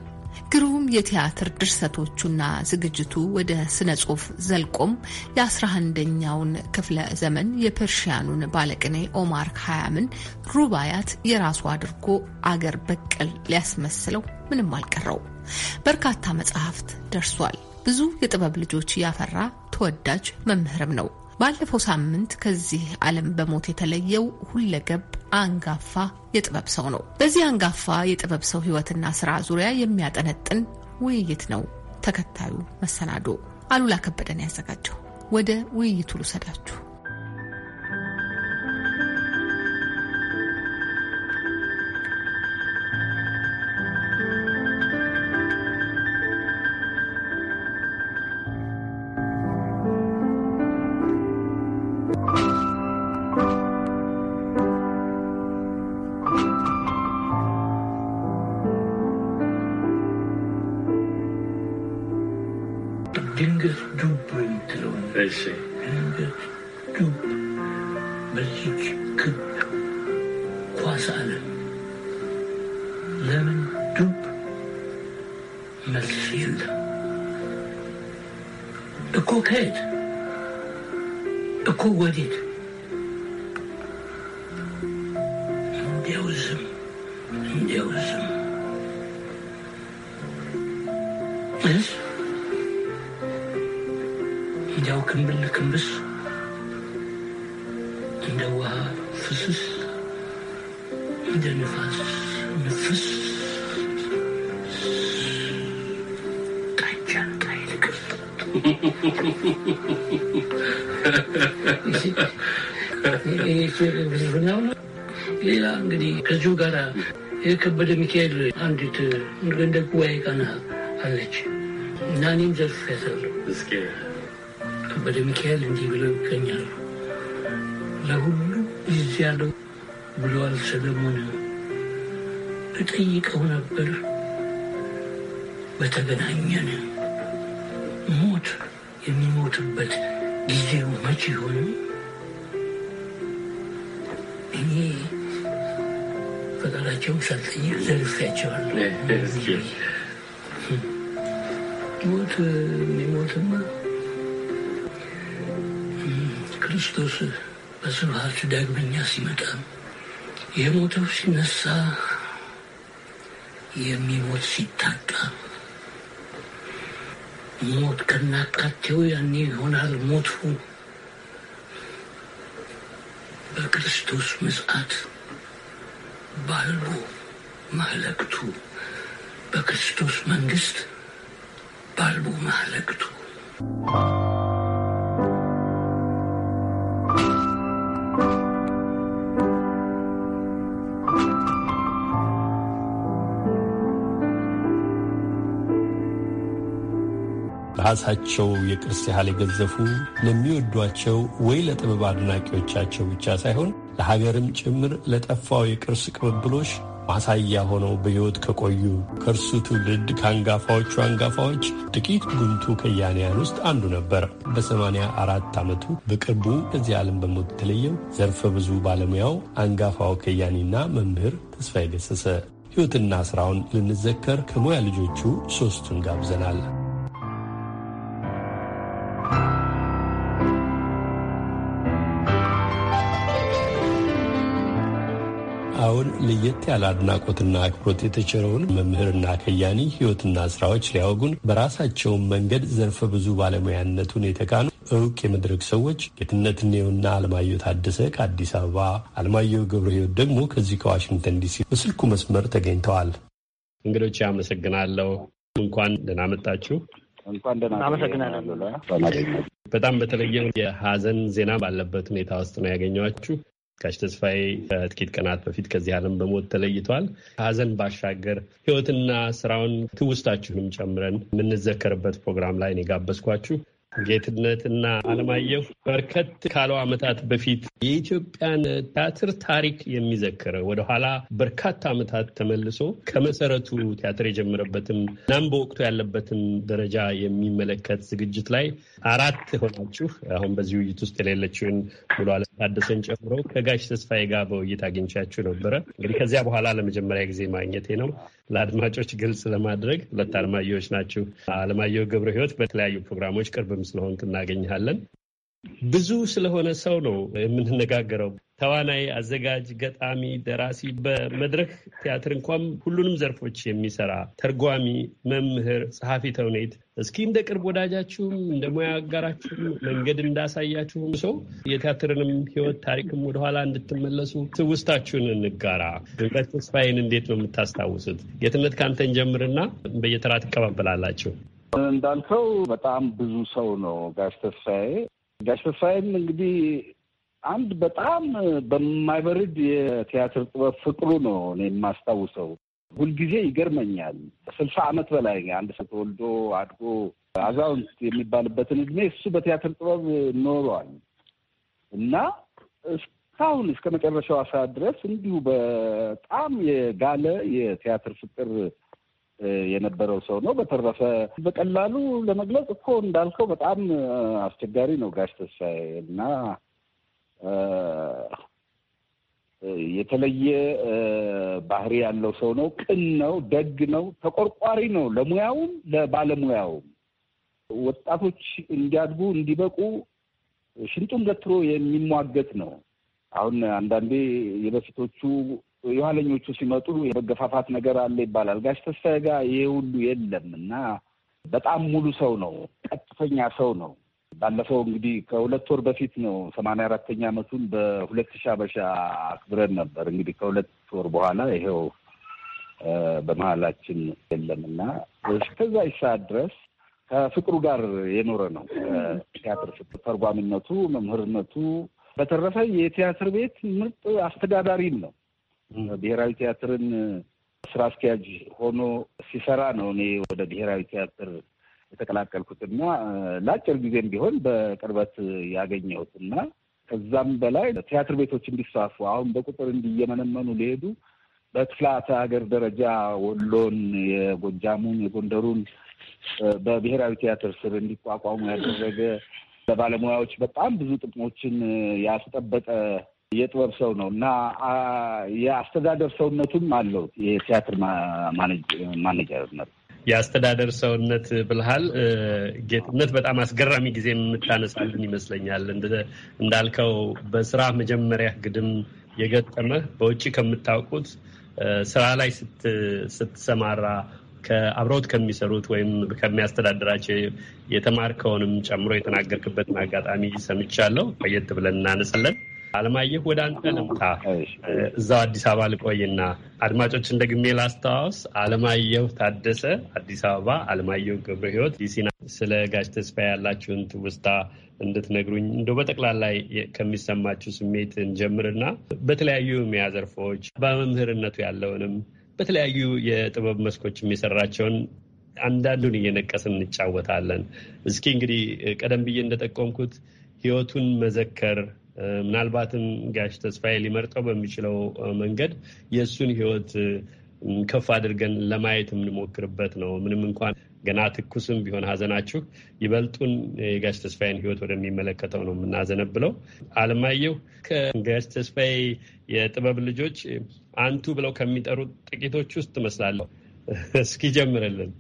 ግሩም የቲያትር ድርሰቶቹና ዝግጅቱ ወደ ስነ ጽሁፍ ዘልቆም የ11ኛውን ክፍለ ዘመን የፐርሺያኑን ባለቅኔ ኦማር ካያምን ሩባያት የራሱ አድርጎ አገር በቀል ሊያስመስለው ምንም አልቀረው። በርካታ መጽሐፍት ደርሷል። ብዙ የጥበብ ልጆች ያፈራ ተወዳጅ መምህርም ነው። ባለፈው ሳምንት ከዚህ ዓለም በሞት የተለየው ሁለገብ አንጋፋ የጥበብ ሰው ነው። በዚህ አንጋፋ የጥበብ ሰው ሕይወትና ስራ ዙሪያ የሚያጠነጥን ውይይት ነው ተከታዩ መሰናዶ። አሉላ ከበደን ያዘጋጀው። ወደ ውይይቱ ልውሰዳችሁ። የከበደ ሚካኤል አንዲት እንደ ጉባኤ ቀና አለች እና እኔም ያሳለሁ ከበደ ሚካኤል እንዲህ ብለው ይገኛሉ። ለሁሉ ጊዜ ያለው ብለዋል ሰለሞን። እጠይቀው ነበር በተገናኘን ሞት የሚሞትበት ጊዜው መቼ ይሆን? እኔ በቃላቸው ሰልጥኜ ዘርፌያቸዋለሁ። ሞት ክርስቶስ በስብሐት ዳግመኛ ሲመጣ የሞተው ሲነሳ፣ የሚሞት ሲታጣ፣ ሞት ከናቃቴው ያኔ ይሆናል ሞቱ በክርስቶስ ምጽአት ባህሉ ማህለክቱ በክርስቶስ መንግስት ባልቡ ማህለክቱ ራሳቸው የቅርስ ያህል የገዘፉ ለሚወዷቸው ወይ ለጥበብ አድናቂዎቻቸው ብቻ ሳይሆን ለሀገርም ጭምር ለጠፋው የቅርስ ቅብብሎሽ ማሳያ ሆነው በሕይወት ከቆዩ ከእርሱ ትውልድ ከአንጋፋዎቹ አንጋፋዎች ጥቂት ጉምቱ ከያንያን ውስጥ አንዱ ነበር። በሰማንያ አራት ዓመቱ በቅርቡ እዚህ ዓለም በሞት የተለየው ዘርፈ ብዙ ባለሙያው አንጋፋው ከያኒና መምህር ተስፋዬ ገሰሰ ሕይወትና ሥራውን ልንዘከር ከሙያ ልጆቹ ሦስቱን ጋብዘናል። ለየት ያለ አድናቆትና አክብሮት የተቸረውን መምህርና ከያኒ ህይወትና ስራዎች ሊያወጉን በራሳቸውን መንገድ ዘርፈ ብዙ ባለሙያነቱን የተካኑ እውቅ የመድረክ ሰዎች ጌትነት እኔውና አለማየሁ ታደሰ ከአዲስ አበባ፣ አለማየሁ ገብረ ህይወት ደግሞ ከዚህ ከዋሽንግተን ዲሲ በስልኩ መስመር ተገኝተዋል። እንግዶች አመሰግናለሁ። እንኳን ደህና መጣችሁ። እንኳን ደህና በጣም በተለየ የሀዘን ዜና ባለበት ሁኔታ ውስጥ ነው ያገኘኋችሁ። ጋሽ ተስፋዬ ከጥቂት ቀናት በፊት ከዚህ ዓለም በሞት ተለይተዋል። ከሀዘን ባሻገር ህይወትና ስራውን ትውስታችሁንም ጨምረን የምንዘከርበት ፕሮግራም ላይ ነው የጋበዝኳችሁ። ጌትነትና አለማየሁ በርከት ካለው ዓመታት በፊት የኢትዮጵያን ቲያትር ታሪክ የሚዘክረ ወደኋላ በርካታ ዓመታት ተመልሶ ከመሰረቱ ቲያትር የጀመረበትን እናም በወቅቱ ያለበትን ደረጃ የሚመለከት ዝግጅት ላይ አራት ሆናችሁ አሁን በዚህ ውይይት ውስጥ የሌለችውን ብሎ አለታደሰን ጨምሮ ከጋሽ ተስፋዬ ጋር በውይይት አግኝቻችሁ ነበረ። እንግዲህ ከዚያ በኋላ ለመጀመሪያ ጊዜ ማግኘቴ ነው። ለአድማጮች ግልጽ ለማድረግ ሁለት አለማየሁዎች ናችሁ። አለማየሁ ገብረ ህይወት በተለያዩ ፕሮግራሞች ቅርብ ሰው ስለሆንክ እናገኝሃለን። ብዙ ስለሆነ ሰው ነው የምንነጋገረው። ተዋናይ፣ አዘጋጅ፣ ገጣሚ፣ ደራሲ፣ በመድረክ ቲያትር እንኳን ሁሉንም ዘርፎች የሚሰራ ተርጓሚ፣ መምህር፣ ጸሐፊ ተውኔት እስኪ እንደ ቅርብ ወዳጃችሁም እንደ ሙያ አጋራችሁም መንገድ እንዳሳያችሁም ሰው የቲያትርንም ህይወት ታሪክም ወደኋላ እንድትመለሱ ትውስታችሁን እንጋራ። ድምቀት ተስፋዬን እንዴት ነው የምታስታውሱት? ጌትነት ከአንተን ጀምርና በየተራ ትቀባበላላችሁ። እንዳልከው በጣም ብዙ ሰው ነው ጋሽ ተስፋዬ። ጋሽ ተስፋዬም እንግዲህ አንድ በጣም በማይበርድ የቲያትር ጥበብ ፍቅሩ ነው እኔ የማስታውሰው። ሁልጊዜ ይገርመኛል። ስልሳ ዓመት በላይ አንድ ሰው ተወልዶ አድጎ አዛውንት የሚባልበትን እድሜ እሱ በቲያትር ጥበብ ኖሯል እና እስካሁን እስከ መጨረሻው ሰዓት ድረስ እንዲሁ በጣም የጋለ የቲያትር ፍቅር የነበረው ሰው ነው። በተረፈ በቀላሉ ለመግለጽ እኮ እንዳልከው በጣም አስቸጋሪ ነው ጋሽ ተስፋዬ እና የተለየ ባህሪ ያለው ሰው ነው። ቅን ነው፣ ደግ ነው፣ ተቆርቋሪ ነው ለሙያውም ለባለሙያውም። ወጣቶች እንዲያድጉ እንዲበቁ ሽንጡን ገትሮ የሚሟገት ነው። አሁን አንዳንዴ የበፊቶቹ የኋለኞቹ ሲመጡ የመገፋፋት ነገር አለ ይባላል። ጋሽ ተስፋዬ ጋር ይሄ ሁሉ የለም እና በጣም ሙሉ ሰው ነው፣ ቀጥተኛ ሰው ነው። ባለፈው እንግዲህ ከሁለት ወር በፊት ነው ሰማንያ አራተኛ ዓመቱን በሁለት ሺህ አበሻ አክብረን ነበር። እንግዲህ ከሁለት ወር በኋላ ይሄው በመሀላችን የለም እና እስከዛ ሰዓት ድረስ ከፍቅሩ ጋር የኖረ ነው። ቲያትር ፍቅር ተርጓሚነቱ፣ መምህርነቱ በተረፈ የቲያትር ቤት ምርጥ አስተዳዳሪም ነው። ብሔራዊ ቲያትርን ስራ አስኪያጅ ሆኖ ሲሰራ ነው እኔ ወደ ብሔራዊ ቲያትር የተቀላቀልኩትና ለአጭር ጊዜም ቢሆን በቅርበት ያገኘሁት እና ከዛም በላይ ቲያትር ቤቶች እንዲስፋፉ አሁን በቁጥር እንዲየመነመኑ ሊሄዱ በክፍላተ ሀገር ደረጃ ወሎን፣ የጎጃሙን፣ የጎንደሩን በብሔራዊ ቲያትር ስር እንዲቋቋሙ ያደረገ ለባለሙያዎች በጣም ብዙ ጥቅሞችን ያስጠበቀ የጥበብ ሰው ነው እና የአስተዳደር ሰውነቱም አለው። የቲያትር ማኔጀርነት የአስተዳደር ሰውነት ብልሃል ጌትነት በጣም አስገራሚ ጊዜ የምታነሳልን ይመስለኛል። እንዳልከው በስራ መጀመሪያ ግድም የገጠመህ በውጭ ከምታውቁት ስራ ላይ ስትሰማራ ከአብረውት ከሚሰሩት ወይም ከሚያስተዳድራቸው የተማርከውንም ጨምሮ የተናገርክበትን አጋጣሚ ሰምቻለሁ። ቆየት ብለን እናነሳለን። አለማየሁ ወደ አንተ ልምጣ። እዛው አዲስ አበባ ልቆይና እንደ ደግሜ ላስታውስ። አለማየሁ ታደሰ አዲስ አበባ፣ አለማየሁ ገብረ ህይወት ዲሲና። ስለ ጋሽ ተስፋ ያላችሁን ትውስታ እንድትነግሩኝ እንደው በጠቅላላ ከሚሰማችሁ ስሜት እንጀምርና በተለያዩ የሙያ ዘርፎች በመምህርነቱ ያለውንም በተለያዩ የጥበብ መስኮች የሰራቸውን አንዳንዱን እየነቀስን እንጫወታለን። እስኪ እንግዲህ ቀደም ብዬ እንደጠቆምኩት ህይወቱን መዘከር ምናልባትም ጋሽ ተስፋዬ ሊመርጠው በሚችለው መንገድ የእሱን ህይወት ከፍ አድርገን ለማየት የምንሞክርበት ነው። ምንም እንኳን ገና ትኩስም ቢሆን ሀዘናችሁ ይበልጡን የጋሽ ተስፋዬን ህይወት ወደሚመለከተው ነው የምናዘነብለው። አለማየሁ ከጋሽ ተስፋዬ የጥበብ ልጆች አንቱ ብለው ከሚጠሩት ጥቂቶች ውስጥ ትመስላለሁ። እስኪ ጀምርልን።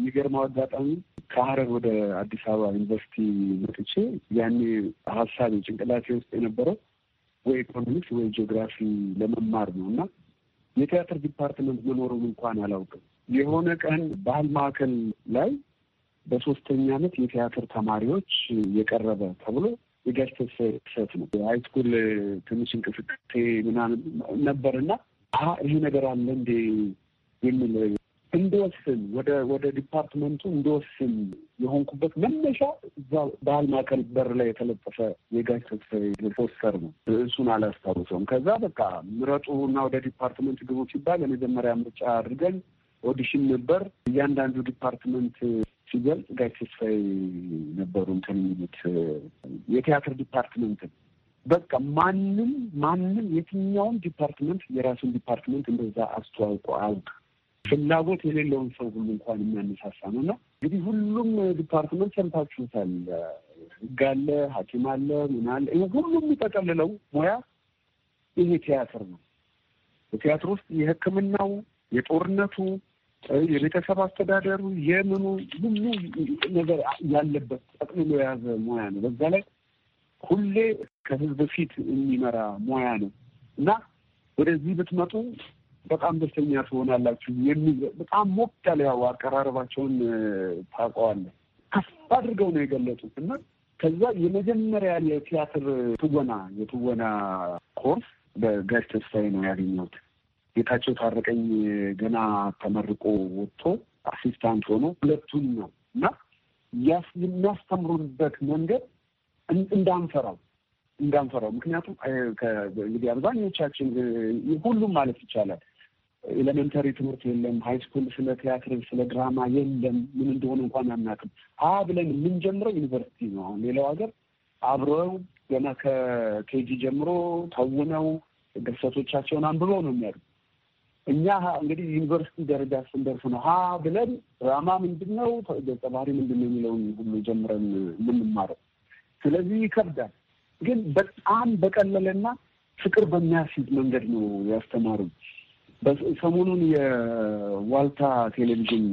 የሚገርመው አጋጣሚ ከሀረር ወደ አዲስ አበባ ዩኒቨርሲቲ መጥቼ ያኔ ሀሳቤ ጭንቅላቴ ውስጥ የነበረው ወይ ኢኮኖሚክስ ወይ ጂኦግራፊ ለመማር ነው እና የቲያትር ዲፓርትመንት መኖሩን እንኳን አላውቅም። የሆነ ቀን ባህል ማዕከል ላይ በሶስተኛ ዓመት የቲያትር ተማሪዎች የቀረበ ተብሎ የገስተሰ ሰት ነው ሃይስኩል ትንሽ እንቅስቃሴ ምናምን ነበርና ይሄ ነገር አለ እንዴ የሚል እንደወስን ወደ ወደ ዲፓርትመንቱ እንደወስን የሆንኩበት መነሻ እዛ ባህል ማዕከል በር ላይ የተለጠፈ የጋሽ ተስፋዬ ፖስተር ነው። እሱን አላስታውሰውም። ከዛ በቃ ምረጡ እና ወደ ዲፓርትመንት ግቡ ሲባል የመጀመሪያ ምርጫ አድርገን ኦዲሽን ነበር። እያንዳንዱ ዲፓርትመንት ሲገልጽ ጋሽ ተስፋዬ ነበሩ እንትን የሚሉት የቲያትር ዲፓርትመንትን በቃ ማንም ማንም የትኛውም ዲፓርትመንት የራሱን ዲፓርትመንት እንደዛ አስተዋውቆ አውቅ ፍላጎት የሌለውን ሰው ሁሉ እንኳን የሚያነሳሳ ነው እና እንግዲህ ሁሉም ዲፓርትመንት ሰምታችሁታል። ህግ አለ፣ ሐኪም አለ፣ ምን አለ። ሁሉም የሚጠቀልለው ሙያ ይሄ ቲያትር ነው። በቲያትር ውስጥ የህክምናው፣ የጦርነቱ፣ የቤተሰብ አስተዳደሩ፣ የምኑ ሁሉ ነገር ያለበት ጠቅልሎ የያዘ ሙያ ነው። በዛ ላይ ሁሌ ከህዝብ ፊት የሚመራ ሙያ ነው እና ወደዚህ ብትመጡ በጣም ደስተኛ ትሆናላችሁ የሚል በጣም ሞቅ ያለ ያው አቀራረባቸውን ታውቀዋለህ። ከፍ አድርገው ነው የገለጡት እና ከዛ የመጀመሪያ የቲያትር ትወና የትወና ኮርስ በጋሽ ተስፋዬ ነው ያገኘሁት። ጌታቸው ታረቀኝ ገና ተመርቆ ወጥቶ አሲስታንት ሆኖ ሁለቱን ነው እና የሚያስተምሩበት መንገድ እንዳንፈራው እንዳንፈራው ምክንያቱም እንግዲህ አብዛኞቻችን ሁሉም ማለት ይቻላል ኤሌመንተሪ ትምህርት የለም፣ ሃይስኩል ስለ ቲያትር ስለ ድራማ የለም። ምን እንደሆነ እንኳን አናውቅም። ሀ ብለን የምንጀምረው ዩኒቨርሲቲ ነው። አሁን ሌላው ሀገር አብረው ገና ከኬጂ ጀምሮ ተውነው ድርሰቶቻቸውን አንብበው ነው የሚያድጉ። እኛ እንግዲህ ዩኒቨርሲቲ ደረጃ ስንደርስ ነው ሀ ብለን ድራማ ምንድን ነው፣ ገጸ ባህሪ ምንድን ነው የሚለውን ሁሉ ጀምረን የምንማረው። ስለዚህ ይከብዳል። ግን በጣም በቀለለና ፍቅር በሚያስይዝ መንገድ ነው ያስተማሩኝ። ሰሞኑን የዋልታ ቴሌቪዥን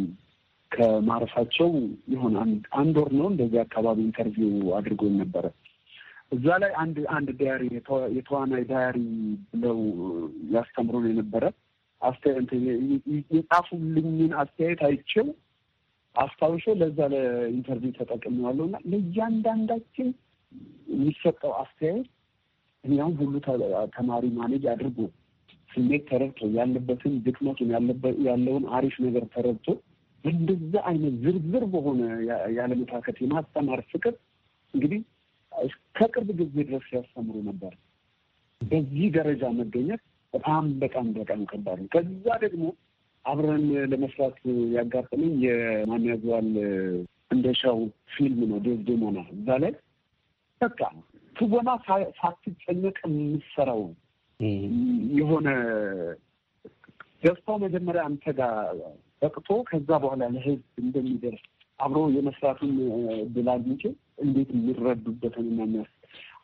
ከማረፋቸው የሆነ አንድ ወር ነው እንደዚህ አካባቢ ኢንተርቪው አድርጎኝ ነበረ። እዛ ላይ አንድ አንድ ዳያሪ የተዋናይ ዳያሪ ብለው ያስተምሩን የነበረ የጻፉልኝን አስተያየት አይቼው አስታውሾ ለዛ ለኢንተርቪው ተጠቅሜዋለሁ እና ለእያንዳንዳችን የሚሰጠው አስተያየት እኛም ሁሉ ተማሪ ማኔጅ አድርጎ ስሜት ተረድቶ ያለበትን ድክመቱን ያለውን አሪፍ ነገር ተረድቶ እንደዛ አይነት ዝርዝር በሆነ ያለመታከት የማስተማር ፍቅር እንግዲህ ከቅርብ ጊዜ ድረስ ያስተምሩ ነበር። በዚህ ደረጃ መገኘት በጣም በጣም በጣም ከባድ ነው። ከዛ ደግሞ አብረን ለመስራት ያጋጠመኝ የማንያዘዋል እንደሻው ፊልም ነው ዴዝዴሞና። እዛ ላይ በቃ ትወና ሳትጨነቅ የምሰራው የሆነ ገፍታው መጀመሪያ አንተ ጋር በቅቶ ከዛ በኋላ ለህዝብ እንደሚደርስ አብሮ የመስራቱን እድል አግኝቼ እንዴት የሚረዱበትን የሚያስ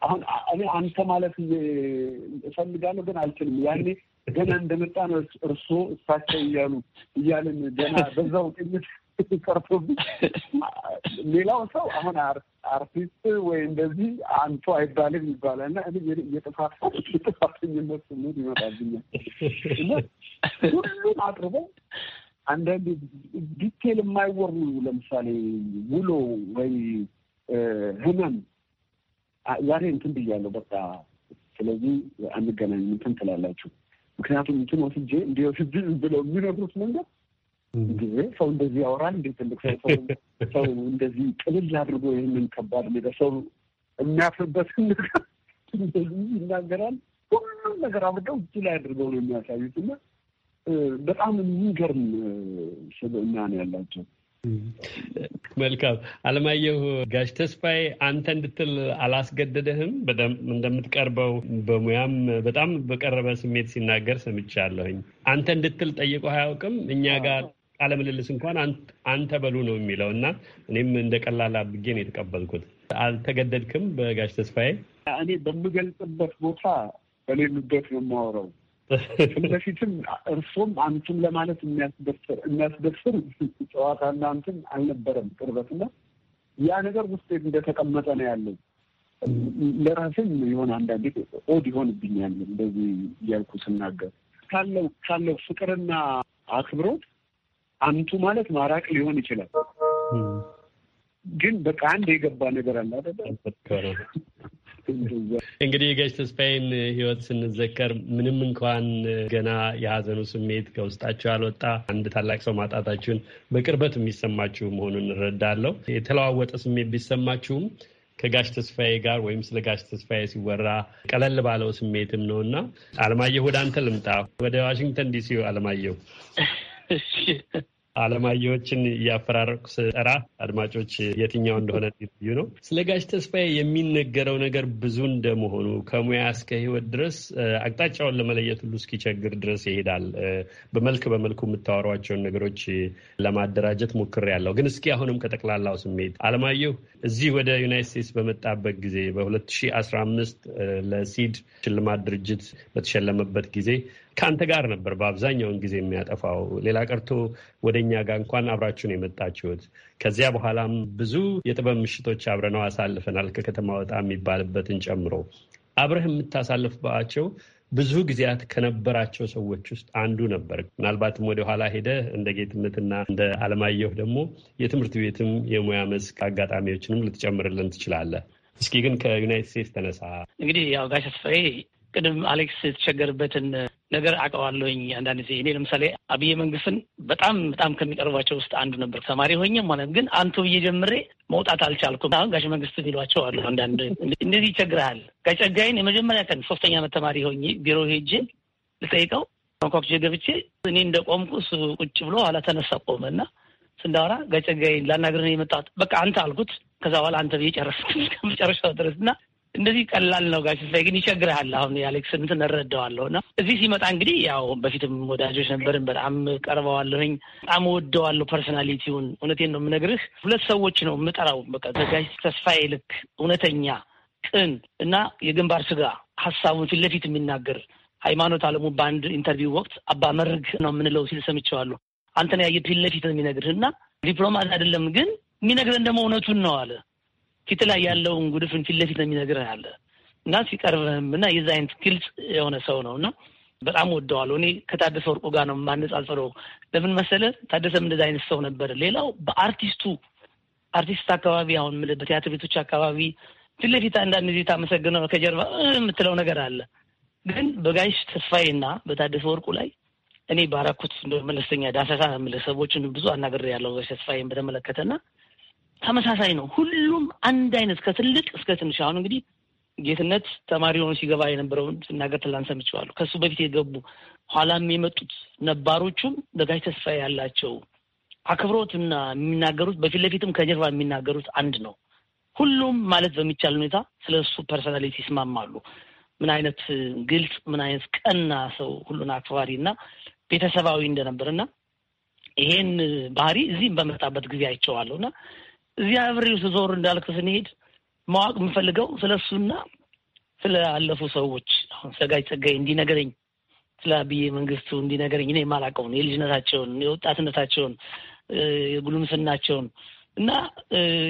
አሁን እኔ አንተ ማለት እፈልጋለሁ ግን አልችልም። ያኔ ገና እንደመጣ ነው እርሶ እሳቸው እያሉ እያልን ገና በዛው ቅኝት ቀርቶብኝ *laughs* ሌላው ሰው አሁን አርቲስት ወይ እንደዚህ አንቱ አይባልም ይባላል እና የጥፋት የጥፋተኝነት ስሜት ይመጣብኛል ሁሉም አቅርበው አንዳንድ ዲቴል የማይወሩ ለምሳሌ ውሎ ወይ ህመም ዛሬ እንትን ብያለሁ በቃ ስለዚህ አንገናኝ እንትን ትላላችሁ ምክንያቱም እንትን ወስጄ እንዲ ብለው የሚነግሩት መንገድ ጊዜ ሰው እንደዚህ ያወራል እንዴ? ትልቅ ሰው *laughs* ሰው እንደዚህ ቅልል አድርጎ ይህንን ከባድ ነገር ሰው የሚያፍርበት እንደዚህ ይናገራል። ሁሉም ነገር አብደው እጅ ላይ አድርገው ነው የሚያሳዩት እና በጣም የሚገርም ስብዕና ነው ያላቸው። መልካም አለማየሁ። ጋሽ ተስፋዬ አንተ እንድትል አላስገደደህም። እንደምትቀርበው በሙያም በጣም በቀረበ ስሜት ሲናገር ሰምቻለሁኝ። አንተ እንድትል ጠይቆ አያውቅም። እኛ ጋር አለምልልስ እንኳን አንተ በሉ ነው የሚለው እና እኔም እንደ ቀላል አድርጌ ነው የተቀበልኩት። አልተገደድክም በጋሽ ተስፋዬ። እኔ በምገልጽበት ቦታ በሌሉበት ነው የማወራው። በፊትም እርሶም አንቱም ለማለት የሚያስደፍር ጨዋታና አንቱም አልነበረም ቅርበትና ያ ነገር ውስጥ እንደተቀመጠ ነው ያለው። ለራሴም የሆነ አንዳንዴ ኦድ ይሆንብኛል እንደዚህ እያልኩ ስናገር ካለው ካለው ፍቅርና አክብሮት አንቱ ማለት ማራቅ ሊሆን ይችላል። ግን በቃ አንድ የገባ ነገር አለ አይደለ? እንግዲህ የጋሽ ተስፋዬን ህይወት ስንዘከር ምንም እንኳን ገና የሀዘኑ ስሜት ከውስጣቸው አልወጣ አንድ ታላቅ ሰው ማጣታችሁን በቅርበት የሚሰማችሁ መሆኑን እንረዳለሁ። የተለዋወጠ ስሜት ቢሰማችሁም ከጋሽ ተስፋዬ ጋር ወይም ስለ ጋሽ ተስፋዬ ሲወራ ቀለል ባለው ስሜትም ነው እና አለማየሁ፣ ወደ አንተ ልምጣ። ወደ ዋሽንግተን ዲሲ አለማየሁ አለማየዎችን እያፈራረቁ ስጠራ አድማጮች የትኛው እንደሆነ ልዩ ነው። ስለ ጋሽ ተስፋዬ የሚነገረው ነገር ብዙ እንደመሆኑ ከሙያ እስከ ሕይወት ድረስ አቅጣጫውን ለመለየት ሁሉ እስኪቸግር ድረስ ይሄዳል። በመልክ በመልኩ የምታወሯቸውን ነገሮች ለማደራጀት ያለው ግን እስኪ አሁንም ከጠቅላላው ስሜት አለማየሁ እዚህ ወደ ዩናይት ስቴትስ በመጣበት ጊዜ በ2015 ለሲድ ሽልማት ድርጅት በተሸለመበት ጊዜ ከአንተ ጋር ነበር በአብዛኛውን ጊዜ የሚያጠፋው። ሌላ ቀርቶ ወደ እኛ ጋር እንኳን አብራችሁን የመጣችሁት። ከዚያ በኋላም ብዙ የጥበብ ምሽቶች አብረነው አሳልፈናል፣ ከከተማ ወጣ የሚባልበትን ጨምሮ አብረህ የምታሳልፍባቸው ብዙ ጊዜያት ከነበራቸው ሰዎች ውስጥ አንዱ ነበር። ምናልባትም ወደ ኋላ እንደ ጌትነትና እንደ አለማየሁ ደግሞ የትምህርት ቤትም የሙያ መስክ አጋጣሚዎችንም ልትጨምርልን ትችላለህ። እስኪ ግን ከዩናይት ስቴትስ ተነሳ። እንግዲህ ያው ጋሽ አስፋዬ ቅድም አሌክስ የተቸገርበትን ነገር አውቀዋለሁኝ። አንዳንድ ጊዜ እኔ ለምሳሌ አብይ መንግስትን በጣም በጣም ከሚቀርቧቸው ውስጥ አንዱ ነበር። ተማሪ ሆኜም ማለት ግን አንቱ ብዬ ጀምሬ መውጣት አልቻልኩም። አሁን ጋሽ መንግስት የሚሏቸው አሉ። አንዳንድ እንደዚህ ይቸግረሃል። ከጨጋይን የመጀመሪያ ቀን ሶስተኛ ዓመት ተማሪ ሆኜ ቢሮ ሄጄ ልጠይቀው አንኳኩቼ ገብቼ እኔ እንደ ቆምኩ እሱ ቁጭ ብሎ ኋላ ተነሳ ቆመ እና ስንዳወራ ጋሽ ጸጋዬን ላናግርህ ነው የመጣሁት። በቃ አንተ አልኩት። ከዛ በኋላ አንተ ብዬ ጨረስኩ እስከ መጨረሻው ድረስ እና እንደዚህ ቀላል ነው ጋሽ ላይ ግን ይቸግርሃል። አሁን የአሌክስ እንትን እረዳዋለሁ እና እዚህ ሲመጣ እንግዲህ ያው በፊትም ወዳጆች ነበርን። በጣም ቀርበዋለሁኝ። በጣም ወደዋለሁ ፐርሶናሊቲውን። እውነቴን ነው የምነግርህ። ሁለት ሰዎች ነው የምጠራው በቃ በጋሽ ተስፋዬ ልክ እውነተኛ ቅን እና የግንባር ስጋ ሀሳቡን ፊት ለፊት የሚናገር ሃይማኖት አለሙ በአንድ ኢንተርቪው ወቅት አባ መርግ ነው የምንለው ሲል ሰምቼዋለሁ። አንተን ያየ ፊት ለፊት ነው የሚነግርህ እና ዲፕሎማት አይደለም ግን የሚነግረን ደግሞ እውነቱን ነው አለ። ፊት ላይ ያለውን ጉድፍን ፊት ለፊት ነው የሚነግርህ አለ እና ሲቀርብህም እና የዚ አይነት ግልጽ የሆነ ሰው ነው እና በጣም ወደዋለሁ። እኔ ከታደሰ ወርቁ ጋር ነው የማነጻጽረው። ለምን መሰለ ታደሰም እንደዛ አይነት ሰው ነበር። ሌላው በአርቲስቱ አርቲስት አካባቢ አሁን የምልህ በቲያትር ቤቶች አካባቢ ፊት ለፊት አንዳንድ ጊዜ ታመሰግነው ከጀርባ የምትለው ነገር አለ። ግን በጋሽ ተስፋዬ እና በታደሰ ወርቁ ላይ እኔ ባራኩት መለስተኛ ዳሰሳ መለሰቦችን ብዙ አናገር ያለው ጋሽ ተስፋዬን በተመለከተና ተመሳሳይ ነው። ሁሉም አንድ አይነት ከትልቅ እስከ ትንሽ። አሁን እንግዲህ ጌትነት ተማሪ ሆኖ ሲገባ የነበረውን ሲናገር ትላንት ሰምቼዋለሁ። ከሱ በፊት የገቡ ኋላም የመጡት ነባሮቹም በጋሽ ተስፋ ያላቸው አክብሮትና የሚናገሩት በፊት ለፊትም ከጀርባ የሚናገሩት አንድ ነው። ሁሉም ማለት በሚቻል ሁኔታ ስለ እሱ ፐርሶናሊቲ ይስማማሉ። ምን አይነት ግልጽ፣ ምን አይነት ቀና ሰው፣ ሁሉን አክባሪ እና ቤተሰባዊ እንደነበር እና ይሄን ባህሪ እዚህም በመጣበት ጊዜ አይቼዋለሁ እና እዚህ አብሬው ስዞር እንዳልክ ስንሄድ ማወቅ የምፈልገው ስለ እሱና ስለ አለፉ ሰዎች አሁን ሰጋይ ጸጋይ እንዲነገረኝ ስለ አብዬ መንግስቱ እንዲነገረኝ እኔ የማላውቀውን የልጅነታቸውን፣ የወጣትነታቸውን፣ የጉልምስናቸውን እና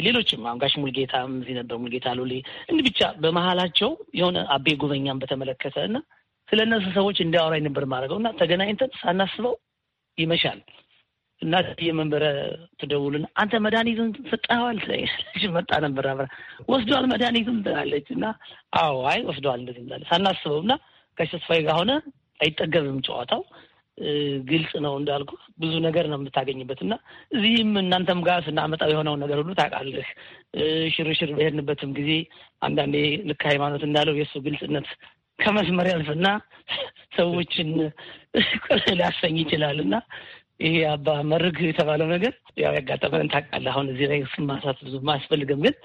ሌሎችም አሁን ጋሽ ሙልጌታም እዚህ ነበር፣ ሙልጌታ ሉሌ እንዲህ ብቻ በመሀላቸው የሆነ አቤ ጉበኛን በተመለከተ እና ስለ እነሱ ሰዎች እንዲያወራኝ ነበር የማደርገው እና ተገናኝተን ሳናስበው ይመሻል እናትዬ የመንበረ ትደውልና አንተ መድኃኒቱን ሰጠኸዋል ትለኛለች። መጣ ነበር አብራ ወስዷል መድኃኒቱን ትላለች። እና አዎ አይ ወስዷል እንደዚህ ላለ ሳናስበው እና ጋሽ ተስፋዬ ጋር ሆነ አይጠገብም ጨዋታው ግልጽ ነው እንዳልኩ ብዙ ነገር ነው የምታገኝበት። እና እዚህም እናንተም ጋር ስናመጣው የሆነውን ነገር ሁሉ ታውቃለህ። ሽርሽር በሄድንበትም ጊዜ አንዳንዴ ልክ ሃይማኖት እንዳለው የእሱ ግልጽነት ከመስመር ያልፍና ሰዎችን ሊያሰኝ ይችላል እና ይሄ አባ መርግ የተባለው ነገር ያው ያጋጠመን ታውቃለህ። አሁን እዚህ ላይ እሱን ማንሳት ብዙ አያስፈልግም። ግን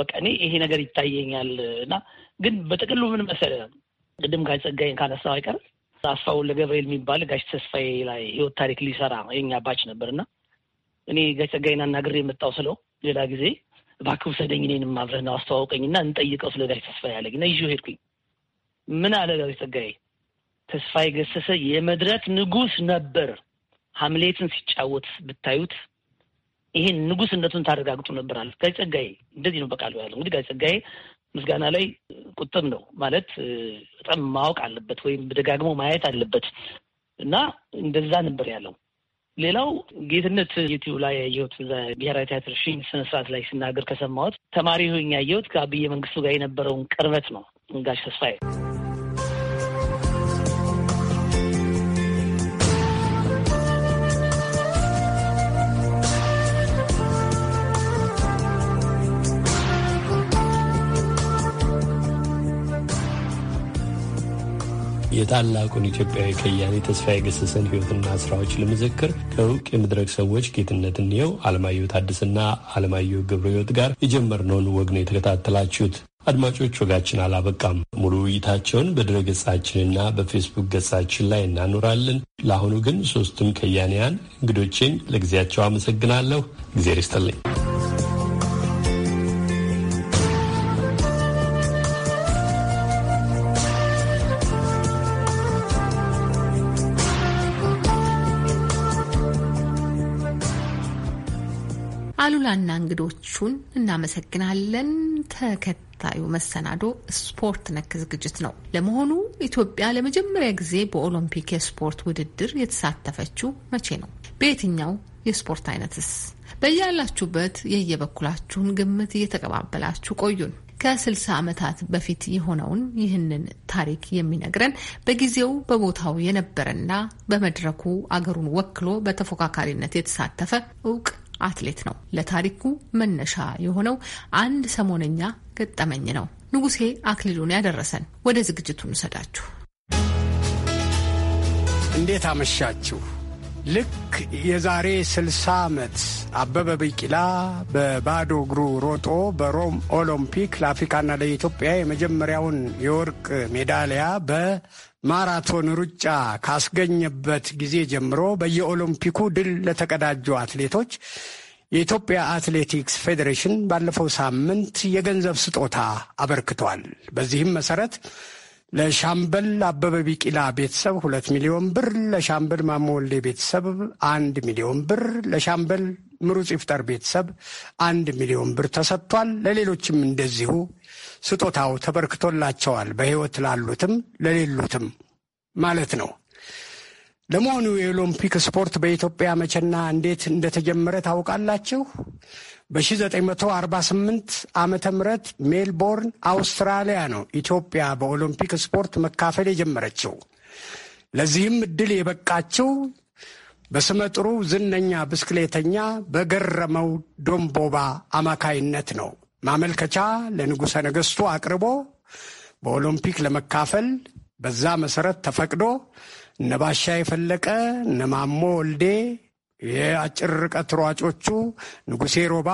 በቃ እኔ ይሄ ነገር ይታየኛል እና ግን በጥቅሉ ምን መሰለ ቅድም ጋሽ ጸጋዬን ካነሳው አይቀር አስፋውን ለገብርኤል የሚባል ጋሽ ተስፋዬ ላይ ህይወት ታሪክ ሊሰራ የኛ አባች ነበር እና እኔ ጋሽ ጸጋዬን አናግሬ የመጣው ስለው ሌላ ጊዜ እባክህ ውሰደኝ እኔንም አብረህ አስተዋውቀኝ እና እንጠይቀው ስለ ጋሽ ተስፋዬ አለኝ እና ይዤው ሄድኩኝ። ምን አለ ጋሽ ጸጋዬ ተስፋዬ ገሰሰ የመድረክ ንጉስ ነበር ሀምሌትን ሲጫወት ብታዩት ይሄን ንጉስነቱን ታረጋግጡ ነበራል። ጋዜ ጸጋዬ እንደዚህ ነው በቃሉ ያለው። እንግዲህ ጋዜ ጸጋዬ ምስጋና ላይ ቁጥብ ነው ማለት በጣም ማወቅ አለበት ወይም ደጋግሞ ማየት አለበት እና እንደዛ ነበር ያለው። ሌላው ጌትነት ዩቲዩብ ላይ ያየሁት እዛ ብሔራዊ ቲያትር ሽኝ ስነስርዓት ላይ ሲናገር ከሰማሁት ተማሪ ሆኜ ያየሁት ከአብዬ መንግስቱ ጋር የነበረውን ቅርበት ነው ጋሽ ተስፋዬ የታላቁን ኢትዮጵያዊ ከያኔ ተስፋዬ ገሰሰን ህይወትና ስራዎች ለመዘክር ከእውቅ የመድረክ ሰዎች ጌትነት እንየው፣ አለማየሁ ታድስና አለማየሁ ገብረ ህይወት ጋር የጀመርነውን ወግ ነው የተከታተላችሁት። አድማጮች ወጋችን አላበቃም። ሙሉ ውይይታቸውን በድረ ገጻችንና በፌስቡክ ገጻችን ላይ እናኖራለን። ለአሁኑ ግን ሶስቱም ከያንያን እንግዶቼን ለጊዜያቸው አመሰግናለሁ። እግዜር ይስጥልኝ። አሉላና እንግዶቹን እናመሰግናለን። ተከታዩ መሰናዶ ስፖርት ነክ ዝግጅት ነው። ለመሆኑ ኢትዮጵያ ለመጀመሪያ ጊዜ በኦሎምፒክ የስፖርት ውድድር የተሳተፈችው መቼ ነው? በየትኛው የስፖርት አይነትስ? በያላችሁበት የየበኩላችሁን ግምት እየተቀባበላችሁ ቆዩን። ከ60 ዓመታት በፊት የሆነውን ይህንን ታሪክ የሚነግረን በጊዜው በቦታው የነበረና በመድረኩ አገሩን ወክሎ በተፎካካሪነት የተሳተፈ እውቅ አትሌት ነው። ለታሪኩ መነሻ የሆነው አንድ ሰሞነኛ ገጠመኝ ነው። ንጉሴ አክሊሉን ያደረሰን ወደ ዝግጅቱ እንውሰዳችሁ። እንዴት አመሻችሁ። ልክ የዛሬ 60 ዓመት አበበ ቢቂላ በባዶ እግሩ ሮጦ በሮም ኦሎምፒክ ለአፍሪካና ለኢትዮጵያ የመጀመሪያውን የወርቅ ሜዳሊያ በ ማራቶን ሩጫ ካስገኘበት ጊዜ ጀምሮ በየኦሎምፒኩ ድል ለተቀዳጁ አትሌቶች የኢትዮጵያ አትሌቲክስ ፌዴሬሽን ባለፈው ሳምንት የገንዘብ ስጦታ አበርክቷል። በዚህም መሰረት ለሻምበል አበበ ቢቂላ ቤተሰብ ሁለት ሚሊዮን ብር፣ ለሻምበል ማሞወልዴ ቤተሰብ አንድ ሚሊዮን ብር፣ ለሻምበል ምሩጽ ይፍጠር ቤተሰብ አንድ ሚሊዮን ብር ተሰጥቷል። ለሌሎችም እንደዚሁ ስጦታው ተበርክቶላቸዋል። በሕይወት ላሉትም ለሌሉትም ማለት ነው። ለመሆኑ የኦሎምፒክ ስፖርት በኢትዮጵያ መቼና እንዴት እንደተጀመረ ታውቃላችሁ? በ1948 ዓመተ ምት ሜልቦርን አውስትራሊያ ነው ኢትዮጵያ በኦሎምፒክ ስፖርት መካፈል የጀመረችው። ለዚህም እድል የበቃችው በስመጥሩ ዝነኛ ብስክሌተኛ በገረመው ዶምቦባ አማካይነት ነው። ማመልከቻ ለንጉሠ ነገሥቱ አቅርቦ በኦሎምፒክ ለመካፈል በዛ መሠረት ተፈቅዶ ነባሻ የፈለቀ ነማሞ ወልዴ የአጭር ርቀት ሯጮቹ ንጉሴ ሮባ፣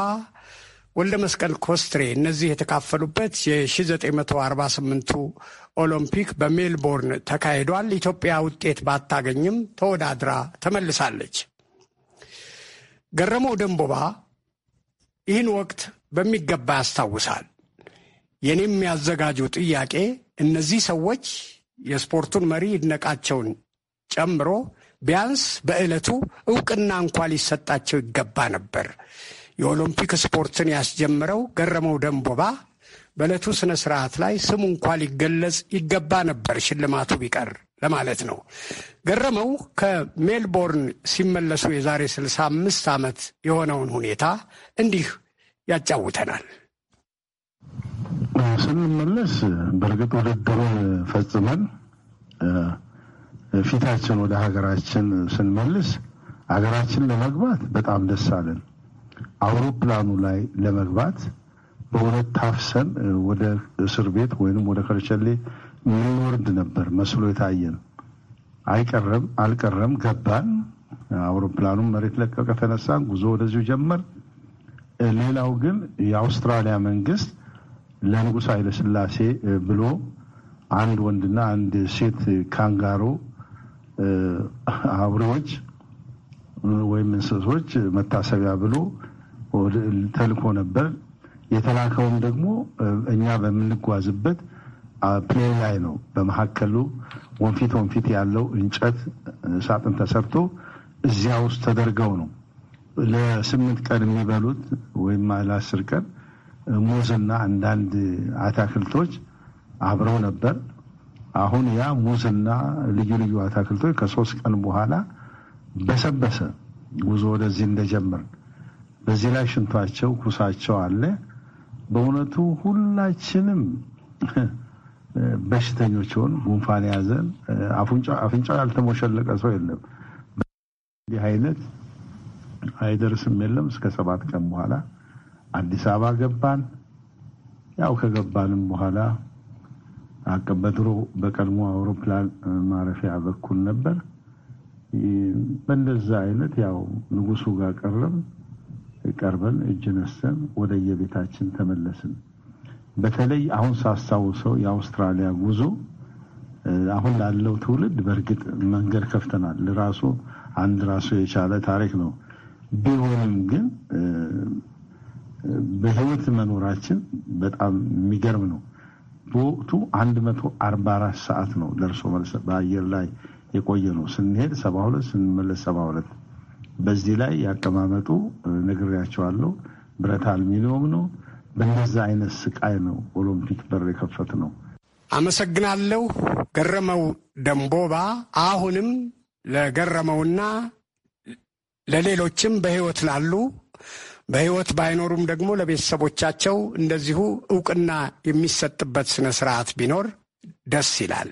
ወልደ መስቀል ኮስትሬ እነዚህ የተካፈሉበት የ1948ቱ ኦሎምፒክ በሜልቦርን ተካሂዷል። ኢትዮጵያ ውጤት ባታገኝም ተወዳድራ ተመልሳለች። ገረመው ደንቦባ ይህን ወቅት በሚገባ ያስታውሳል። የኔም ያዘጋጁ ጥያቄ እነዚህ ሰዎች የስፖርቱን መሪ ይድነቃቸውን ጨምሮ ቢያንስ በዕለቱ እውቅና እንኳ ሊሰጣቸው ይገባ ነበር። የኦሎምፒክ ስፖርትን ያስጀምረው ገረመው ደንቦባ በዕለቱ ስነ ስርዓት ላይ ስሙ እንኳ ሊገለጽ ይገባ ነበር ሽልማቱ ቢቀር ለማለት ነው። ገረመው ከሜልቦርን ሲመለሱ የዛሬ 65 ዓመት የሆነውን ሁኔታ እንዲህ ያጫውተናል። ስንመለስ በእርግጥ ውድድሩን ፈጽመን ፊታችን ወደ ሀገራችን ስንመልስ ሀገራችን ለመግባት በጣም ደስ አለን። አውሮፕላኑ ላይ ለመግባት በሁለት ታፍሰን ወደ እስር ቤት ወይም ወደ ከርቸሌ የምንወርድ ነበር መስሎ የታየን። አይቀረም አልቀረም ገባን። አውሮፕላኑም መሬት ለቀቀ፣ ተነሳን። ጉዞ ወደዚሁ ጀመር። ሌላው ግን የአውስትራሊያ መንግስት ለንጉሥ ኃይለ ብሎ አንድ ወንድና አንድ ሴት ካንጋሮ አውሬዎች ወይም እንስሶች መታሰቢያ ብሎ ተልኮ ነበር። የተላከውም ደግሞ እኛ በምንጓዝበት ፕሌን ላይ ነው። በመካከሉ ወንፊት ወንፊት ያለው እንጨት ሳጥን ተሰርቶ እዚያ ውስጥ ተደርገው ነው ለስምንት ቀን የሚበሉት ወይም ለአስር ቀን ሙዝና አንዳንድ አታክልቶች አብረው ነበር። አሁን ያ ሙዝና ልዩ ልዩ አታክልቶች ከሶስት ቀን በኋላ በሰበሰ ጉዞ ወደዚህ እንደጀመርን በዚህ ላይ ሽንቷቸው ኩሳቸው አለ። በእውነቱ ሁላችንም *laughs* በሽተኞች ሆን ጉንፋን የያዘን አፍንጫው ያልተሞሸለቀ ሰው የለም። እንዲህ አይነት አይደርስም የለም። እስከ ሰባት ቀን በኋላ አዲስ አበባ ገባን። ያው ከገባንም በኋላ በድሮ በቀድሞ አውሮፕላን ማረፊያ በኩል ነበር። በእንደዛ አይነት ያው ንጉሱ ጋር ቀረም ቀርበን እጅ ነሰን ወደ የቤታችን ተመለስን። በተለይ አሁን ሳስታውሰው የአውስትራሊያ ጉዞ አሁን ላለው ትውልድ በእርግጥ መንገድ ከፍተናል። ራሱ አንድ ራሱ የቻለ ታሪክ ነው። ቢሆንም ግን በህይወት መኖራችን በጣም የሚገርም ነው። በወቅቱ 144 ሰዓት ነው ደርሶ መልስ በአየር ላይ የቆየ ነው። ስንሄድ 72 ስንመለስ 72 በዚህ ላይ ያቀማመጡ ነግሬያቸዋለሁ። ብረት አልሚኒየም ነው። በነዛ አይነት ስቃይ ነው ኦሎምፒክ በር የከፈት ነው። አመሰግናለሁ። ገረመው ደንቦባ። አሁንም ለገረመውና ለሌሎችም በህይወት ላሉ በህይወት ባይኖሩም ደግሞ ለቤተሰቦቻቸው እንደዚሁ እውቅና የሚሰጥበት ስነ ስርዓት ቢኖር ደስ ይላል።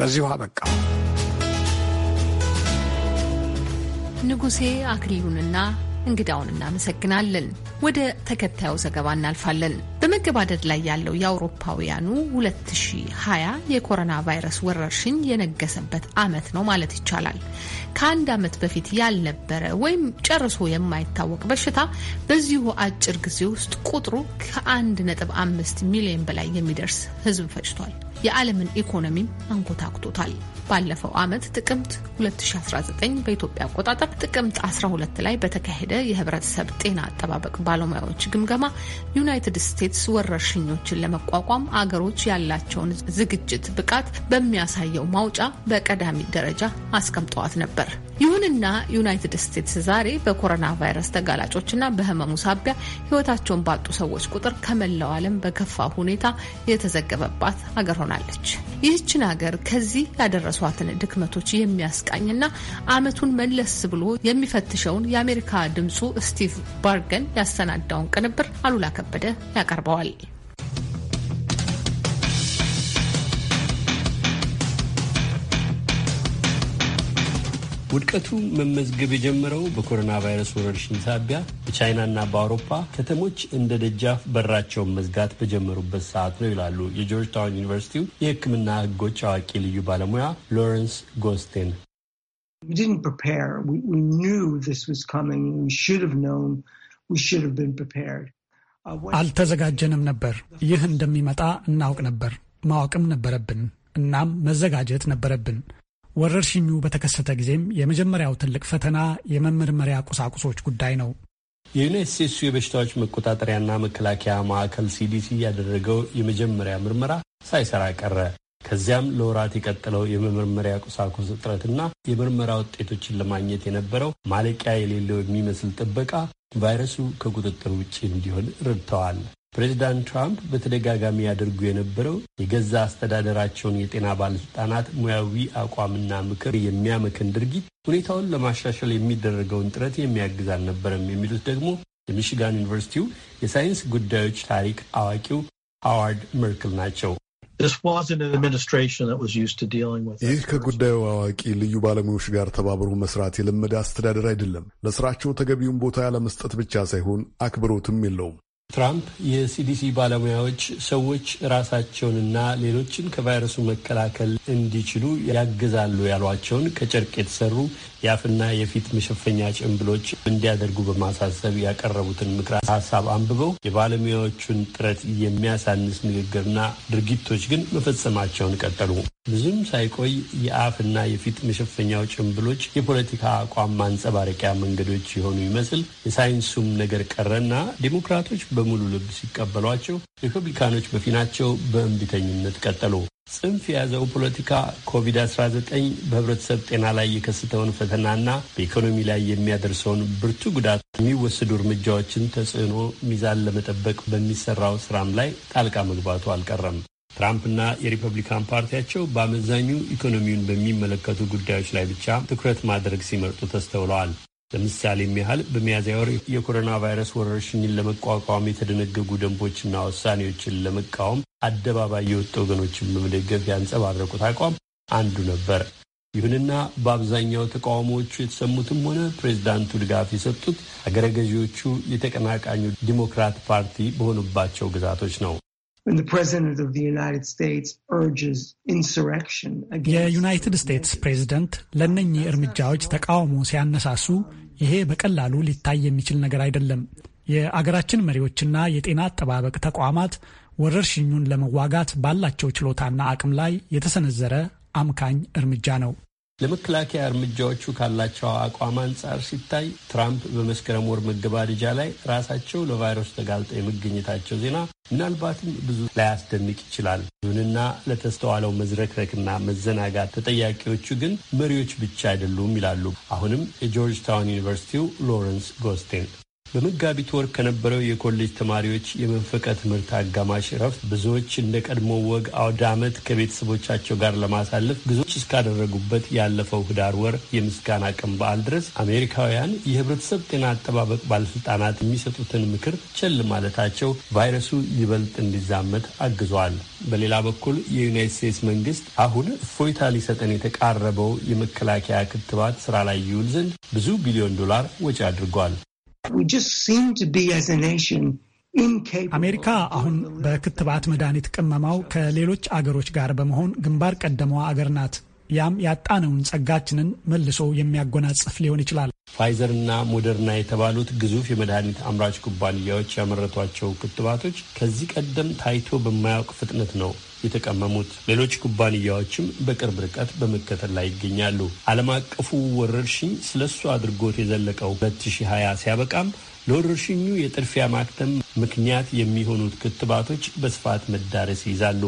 በዚሁ አበቃ። ንጉሴ አክሊሉንና እንግዳውን እናመሰግናለን። ወደ ተከታዩ ዘገባ እናልፋለን። በመገባደድ ላይ ያለው የአውሮፓውያኑ 2020 የኮሮና ቫይረስ ወረርሽኝ የነገሰበት ዓመት ነው ማለት ይቻላል። ከአንድ ዓመት በፊት ያልነበረ ወይም ጨርሶ የማይታወቅ በሽታ በዚሁ አጭር ጊዜ ውስጥ ቁጥሩ ከ1.5 ሚሊዮን በላይ የሚደርስ ሕዝብ ፈጭቷል። የዓለምን ኢኮኖሚም አንኮታኩቶታል። ባለፈው ዓመት ጥቅምት 2019 በኢትዮጵያ አቆጣጠር ጥቅምት 12 ላይ በተካሄደ የህብረተሰብ ጤና አጠባበቅ ባለሙያዎች ግምገማ ዩናይትድ ስቴትስ ወረርሽኞችን ለመቋቋም አገሮች ያላቸውን ዝግጅት ብቃት በሚያሳየው ማውጫ በቀዳሚ ደረጃ አስቀምጠዋት ነበር። ይሁንና ዩናይትድ ስቴትስ ዛሬ በኮሮና ቫይረስ ተጋላጮችና በህመሙ ሳቢያ ህይወታቸውን ባጡ ሰዎች ቁጥር ከመላው ዓለም በከፋ ሁኔታ የተዘገበባት ሀገር ሆናለች። ይህችን ሀገር ከዚህ ያደረሷትን ድክመቶች የሚያስቃኝና አመቱን መለስ ብሎ የሚፈትሸውን የአሜሪካ ድምፁ ስቲቭ ባርገን ያሰናዳውን ቅንብር አሉላ ከበደ ያቀርበዋል። ውድቀቱ መመዝገብ የጀመረው በኮሮና ቫይረስ ወረርሽኝ ሳቢያ በቻይናና በአውሮፓ ከተሞች እንደ ደጃፍ በራቸውን መዝጋት በጀመሩበት ሰዓት ነው ይላሉ የጆርጅ ታውን ዩኒቨርሲቲው የሕክምና ሕጎች አዋቂ ልዩ ባለሙያ ሎረንስ ጎስቴን። አልተዘጋጀንም ነበር። ይህ እንደሚመጣ እናውቅ ነበር፣ ማወቅም ነበረብን። እናም መዘጋጀት ነበረብን። ወረርሽኙ በተከሰተ ጊዜም የመጀመሪያው ትልቅ ፈተና የመመርመሪያ ቁሳቁሶች ጉዳይ ነው። የዩናይት ስቴትሱ የበሽታዎች መቆጣጠሪያና መከላከያ ማዕከል ሲዲሲ ያደረገው የመጀመሪያ ምርመራ ሳይሰራ ቀረ። ከዚያም ለወራት የቀጠለው የመመርመሪያ ቁሳቁስ እጥረትና የምርመራ ውጤቶችን ለማግኘት የነበረው ማለቂያ የሌለው የሚመስል ጥበቃ ቫይረሱ ከቁጥጥር ውጭ እንዲሆን ረድተዋል። ፕሬዚዳንት ትራምፕ በተደጋጋሚ ያደርጉ የነበረው የገዛ አስተዳደራቸውን የጤና ባለስልጣናት ሙያዊ አቋምና ምክር የሚያመክን ድርጊት ሁኔታውን ለማሻሻል የሚደረገውን ጥረት የሚያግዝ አልነበረም የሚሉት ደግሞ የሚሽጋን ዩኒቨርሲቲው የሳይንስ ጉዳዮች ታሪክ አዋቂው ሃዋርድ መርክል ናቸው። ይህ ከጉዳዩ አዋቂ ልዩ ባለሙያዎች ጋር ተባብሮ መስራት የለመደ አስተዳደር አይደለም። ለስራቸው ተገቢውን ቦታ ያለመስጠት ብቻ ሳይሆን አክብሮትም የለውም። ትራምፕ የሲዲሲ ባለሙያዎች ሰዎች ራሳቸውንና ሌሎችን ከቫይረሱ መከላከል እንዲችሉ ያግዛሉ ያሏቸውን ከጨርቅ የተሰሩ የአፍና የፊት መሸፈኛ ጭንብሎች እንዲያደርጉ በማሳሰብ ያቀረቡትን ምክረ ሀሳብ አንብበው የባለሙያዎቹን ጥረት የሚያሳንስ ንግግርና ድርጊቶች ግን መፈጸማቸውን ቀጠሉ። ብዙም ሳይቆይ የአፍና የፊት መሸፈኛው ጭንብሎች የፖለቲካ አቋም ማንጸባረቂያ መንገዶች የሆኑ ይመስል የሳይንሱም ነገር ቀረና ዴሞክራቶች በሙሉ ልብ ሲቀበሏቸው፣ ሪፐብሊካኖች በፊናቸው በእንቢተኝነት ቀጠሉ። ጽንፍ የያዘው ፖለቲካ ኮቪድ-19 በህብረተሰብ ጤና ላይ የከሰተውን ፈተናና በኢኮኖሚ ላይ የሚያደርሰውን ብርቱ ጉዳት የሚወሰዱ እርምጃዎችን ተጽዕኖ ሚዛን ለመጠበቅ በሚሰራው ስራም ላይ ጣልቃ መግባቱ አልቀረም። ትራምፕና የሪፐብሊካን ፓርቲያቸው በአመዛኙ ኢኮኖሚውን በሚመለከቱ ጉዳዮች ላይ ብቻ ትኩረት ማድረግ ሲመርጡ ተስተውለዋል። ለምሳሌም ያህል በሚያዝያ ወር የኮሮና ቫይረስ ወረርሽኝን ለመቋቋም የተደነገጉ ደንቦችና ውሳኔዎችን ለመቃወም አደባባይ የወጡ ወገኖችን በመደገፍ ያንጸባረቁት አቋም አንዱ ነበር። ይሁንና በአብዛኛው ተቃውሞዎቹ የተሰሙትም ሆነ ፕሬዚዳንቱ ድጋፍ የሰጡት አገረ ገዢዎቹ የተቀናቃኙ ዲሞክራት ፓርቲ በሆኑባቸው ግዛቶች ነው። የዩናይትድ ስቴትስ ፕሬዚደንት ለእነኚህ እርምጃዎች ተቃውሞ ሲያነሳሱ ይሄ በቀላሉ ሊታይ የሚችል ነገር አይደለም። የአገራችን መሪዎችና የጤና አጠባበቅ ተቋማት ወረርሽኙን ለመዋጋት ባላቸው ችሎታና አቅም ላይ የተሰነዘረ አምካኝ እርምጃ ነው። ለመከላከያ እርምጃዎቹ ካላቸው አቋም አንጻር ሲታይ ትራምፕ በመስከረም ወር መገባደጃ ላይ ራሳቸው ለቫይረሱ ተጋልጠው የመገኘታቸው ዜና ምናልባትም ብዙ ላያስደንቅ ይችላል። ይሁንና ለተስተዋለው መዝረክረክና መዘናጋት ተጠያቂዎቹ ግን መሪዎች ብቻ አይደሉም ይላሉ አሁንም የጆርጅ ታውን ዩኒቨርሲቲው ሎረንስ ጎስቴን በመጋቢት ወር ከነበረው የኮሌጅ ተማሪዎች የመንፈቀ ትምህርት አጋማሽ እረፍት ብዙዎች እንደ ቀድሞ ወግ አውደ ዓመት ከቤተሰቦቻቸው ጋር ለማሳለፍ ብዙዎች እስካደረጉበት ያለፈው ህዳር ወር የምስጋና ቀን በዓል ድረስ አሜሪካውያን የህብረተሰብ ጤና አጠባበቅ ባለስልጣናት የሚሰጡትን ምክር ቸል ማለታቸው ቫይረሱ ይበልጥ እንዲዛመት አግዟል። በሌላ በኩል የዩናይት ስቴትስ መንግስት አሁን እፎይታ ሊሰጠን የተቃረበው የመከላከያ ክትባት ስራ ላይ ይውል ዘንድ ብዙ ቢሊዮን ዶላር ወጪ አድርጓል። አሜሪካ አሁን በክትባት መድኃኒት ቅመማው ከሌሎች አገሮች ጋር በመሆን ግንባር ቀደመዋ አገር ናት። ያም ያጣነውን ጸጋችንን መልሶ የሚያጎናጽፍ ሊሆን ይችላል። ፋይዘርና ሞደርና የተባሉት ግዙፍ የመድኃኒት አምራች ኩባንያዎች ያመረቷቸው ክትባቶች ከዚህ ቀደም ታይቶ በማያውቅ ፍጥነት ነው የተቀመሙት። ሌሎች ኩባንያዎችም በቅርብ ርቀት በመከተል ላይ ይገኛሉ። ዓለም አቀፉ ወረርሽኝ ስለሱ አድርጎት የዘለቀው 2020 ሲያበቃም ለወረርሽኙ የጥድፊያ ማክተም ምክንያት የሚሆኑት ክትባቶች በስፋት መዳረስ ይይዛሉ።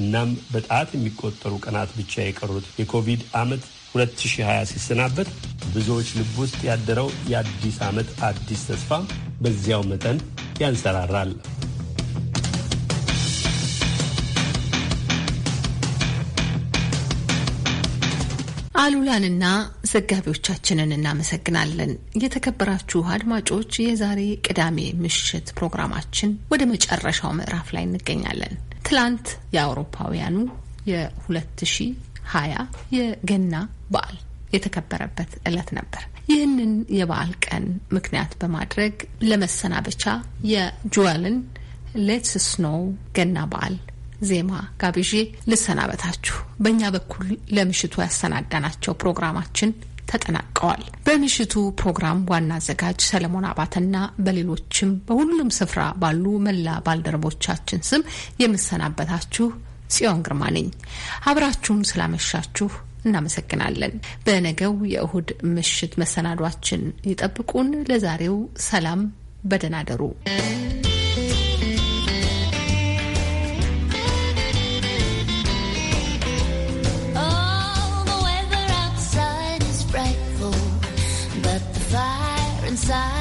እናም በጣት የሚቆጠሩ ቀናት ብቻ የቀሩት የኮቪድ ዓመት 2020 ሲሰናበት ብዙዎች ልብ ውስጥ ያደረው የአዲስ ዓመት አዲስ ተስፋ በዚያው መጠን ያንሰራራል። አሉላንና ዘጋቢዎቻችንን እናመሰግናለን። የተከበራችሁ አድማጮች፣ የዛሬ ቅዳሜ ምሽት ፕሮግራማችን ወደ መጨረሻው ምዕራፍ ላይ እንገኛለን። ትላንት የአውሮፓውያኑ የ2020 የገና በዓል የተከበረበት ዕለት ነበር። ይህንን የበዓል ቀን ምክንያት በማድረግ ለመሰናበቻ የጁዌልን ሌትስ ስኖው ገና በዓል ዜማ ጋብዤ ልሰናበታችሁ። በእኛ በኩል ለምሽቱ ያሰናዳናቸው ፕሮግራማችን ተጠናቀዋል። በምሽቱ ፕሮግራም ዋና አዘጋጅ ሰለሞን አባተና በሌሎችም በሁሉም ስፍራ ባሉ መላ ባልደረቦቻችን ስም የምሰናበታችሁ ጽዮን ግርማ ነኝ። አብራችሁን ስላመሻችሁ እናመሰግናለን። በነገው የእሁድ ምሽት መሰናዷችን ይጠብቁን። ለዛሬው ሰላም፣ በደህና inside.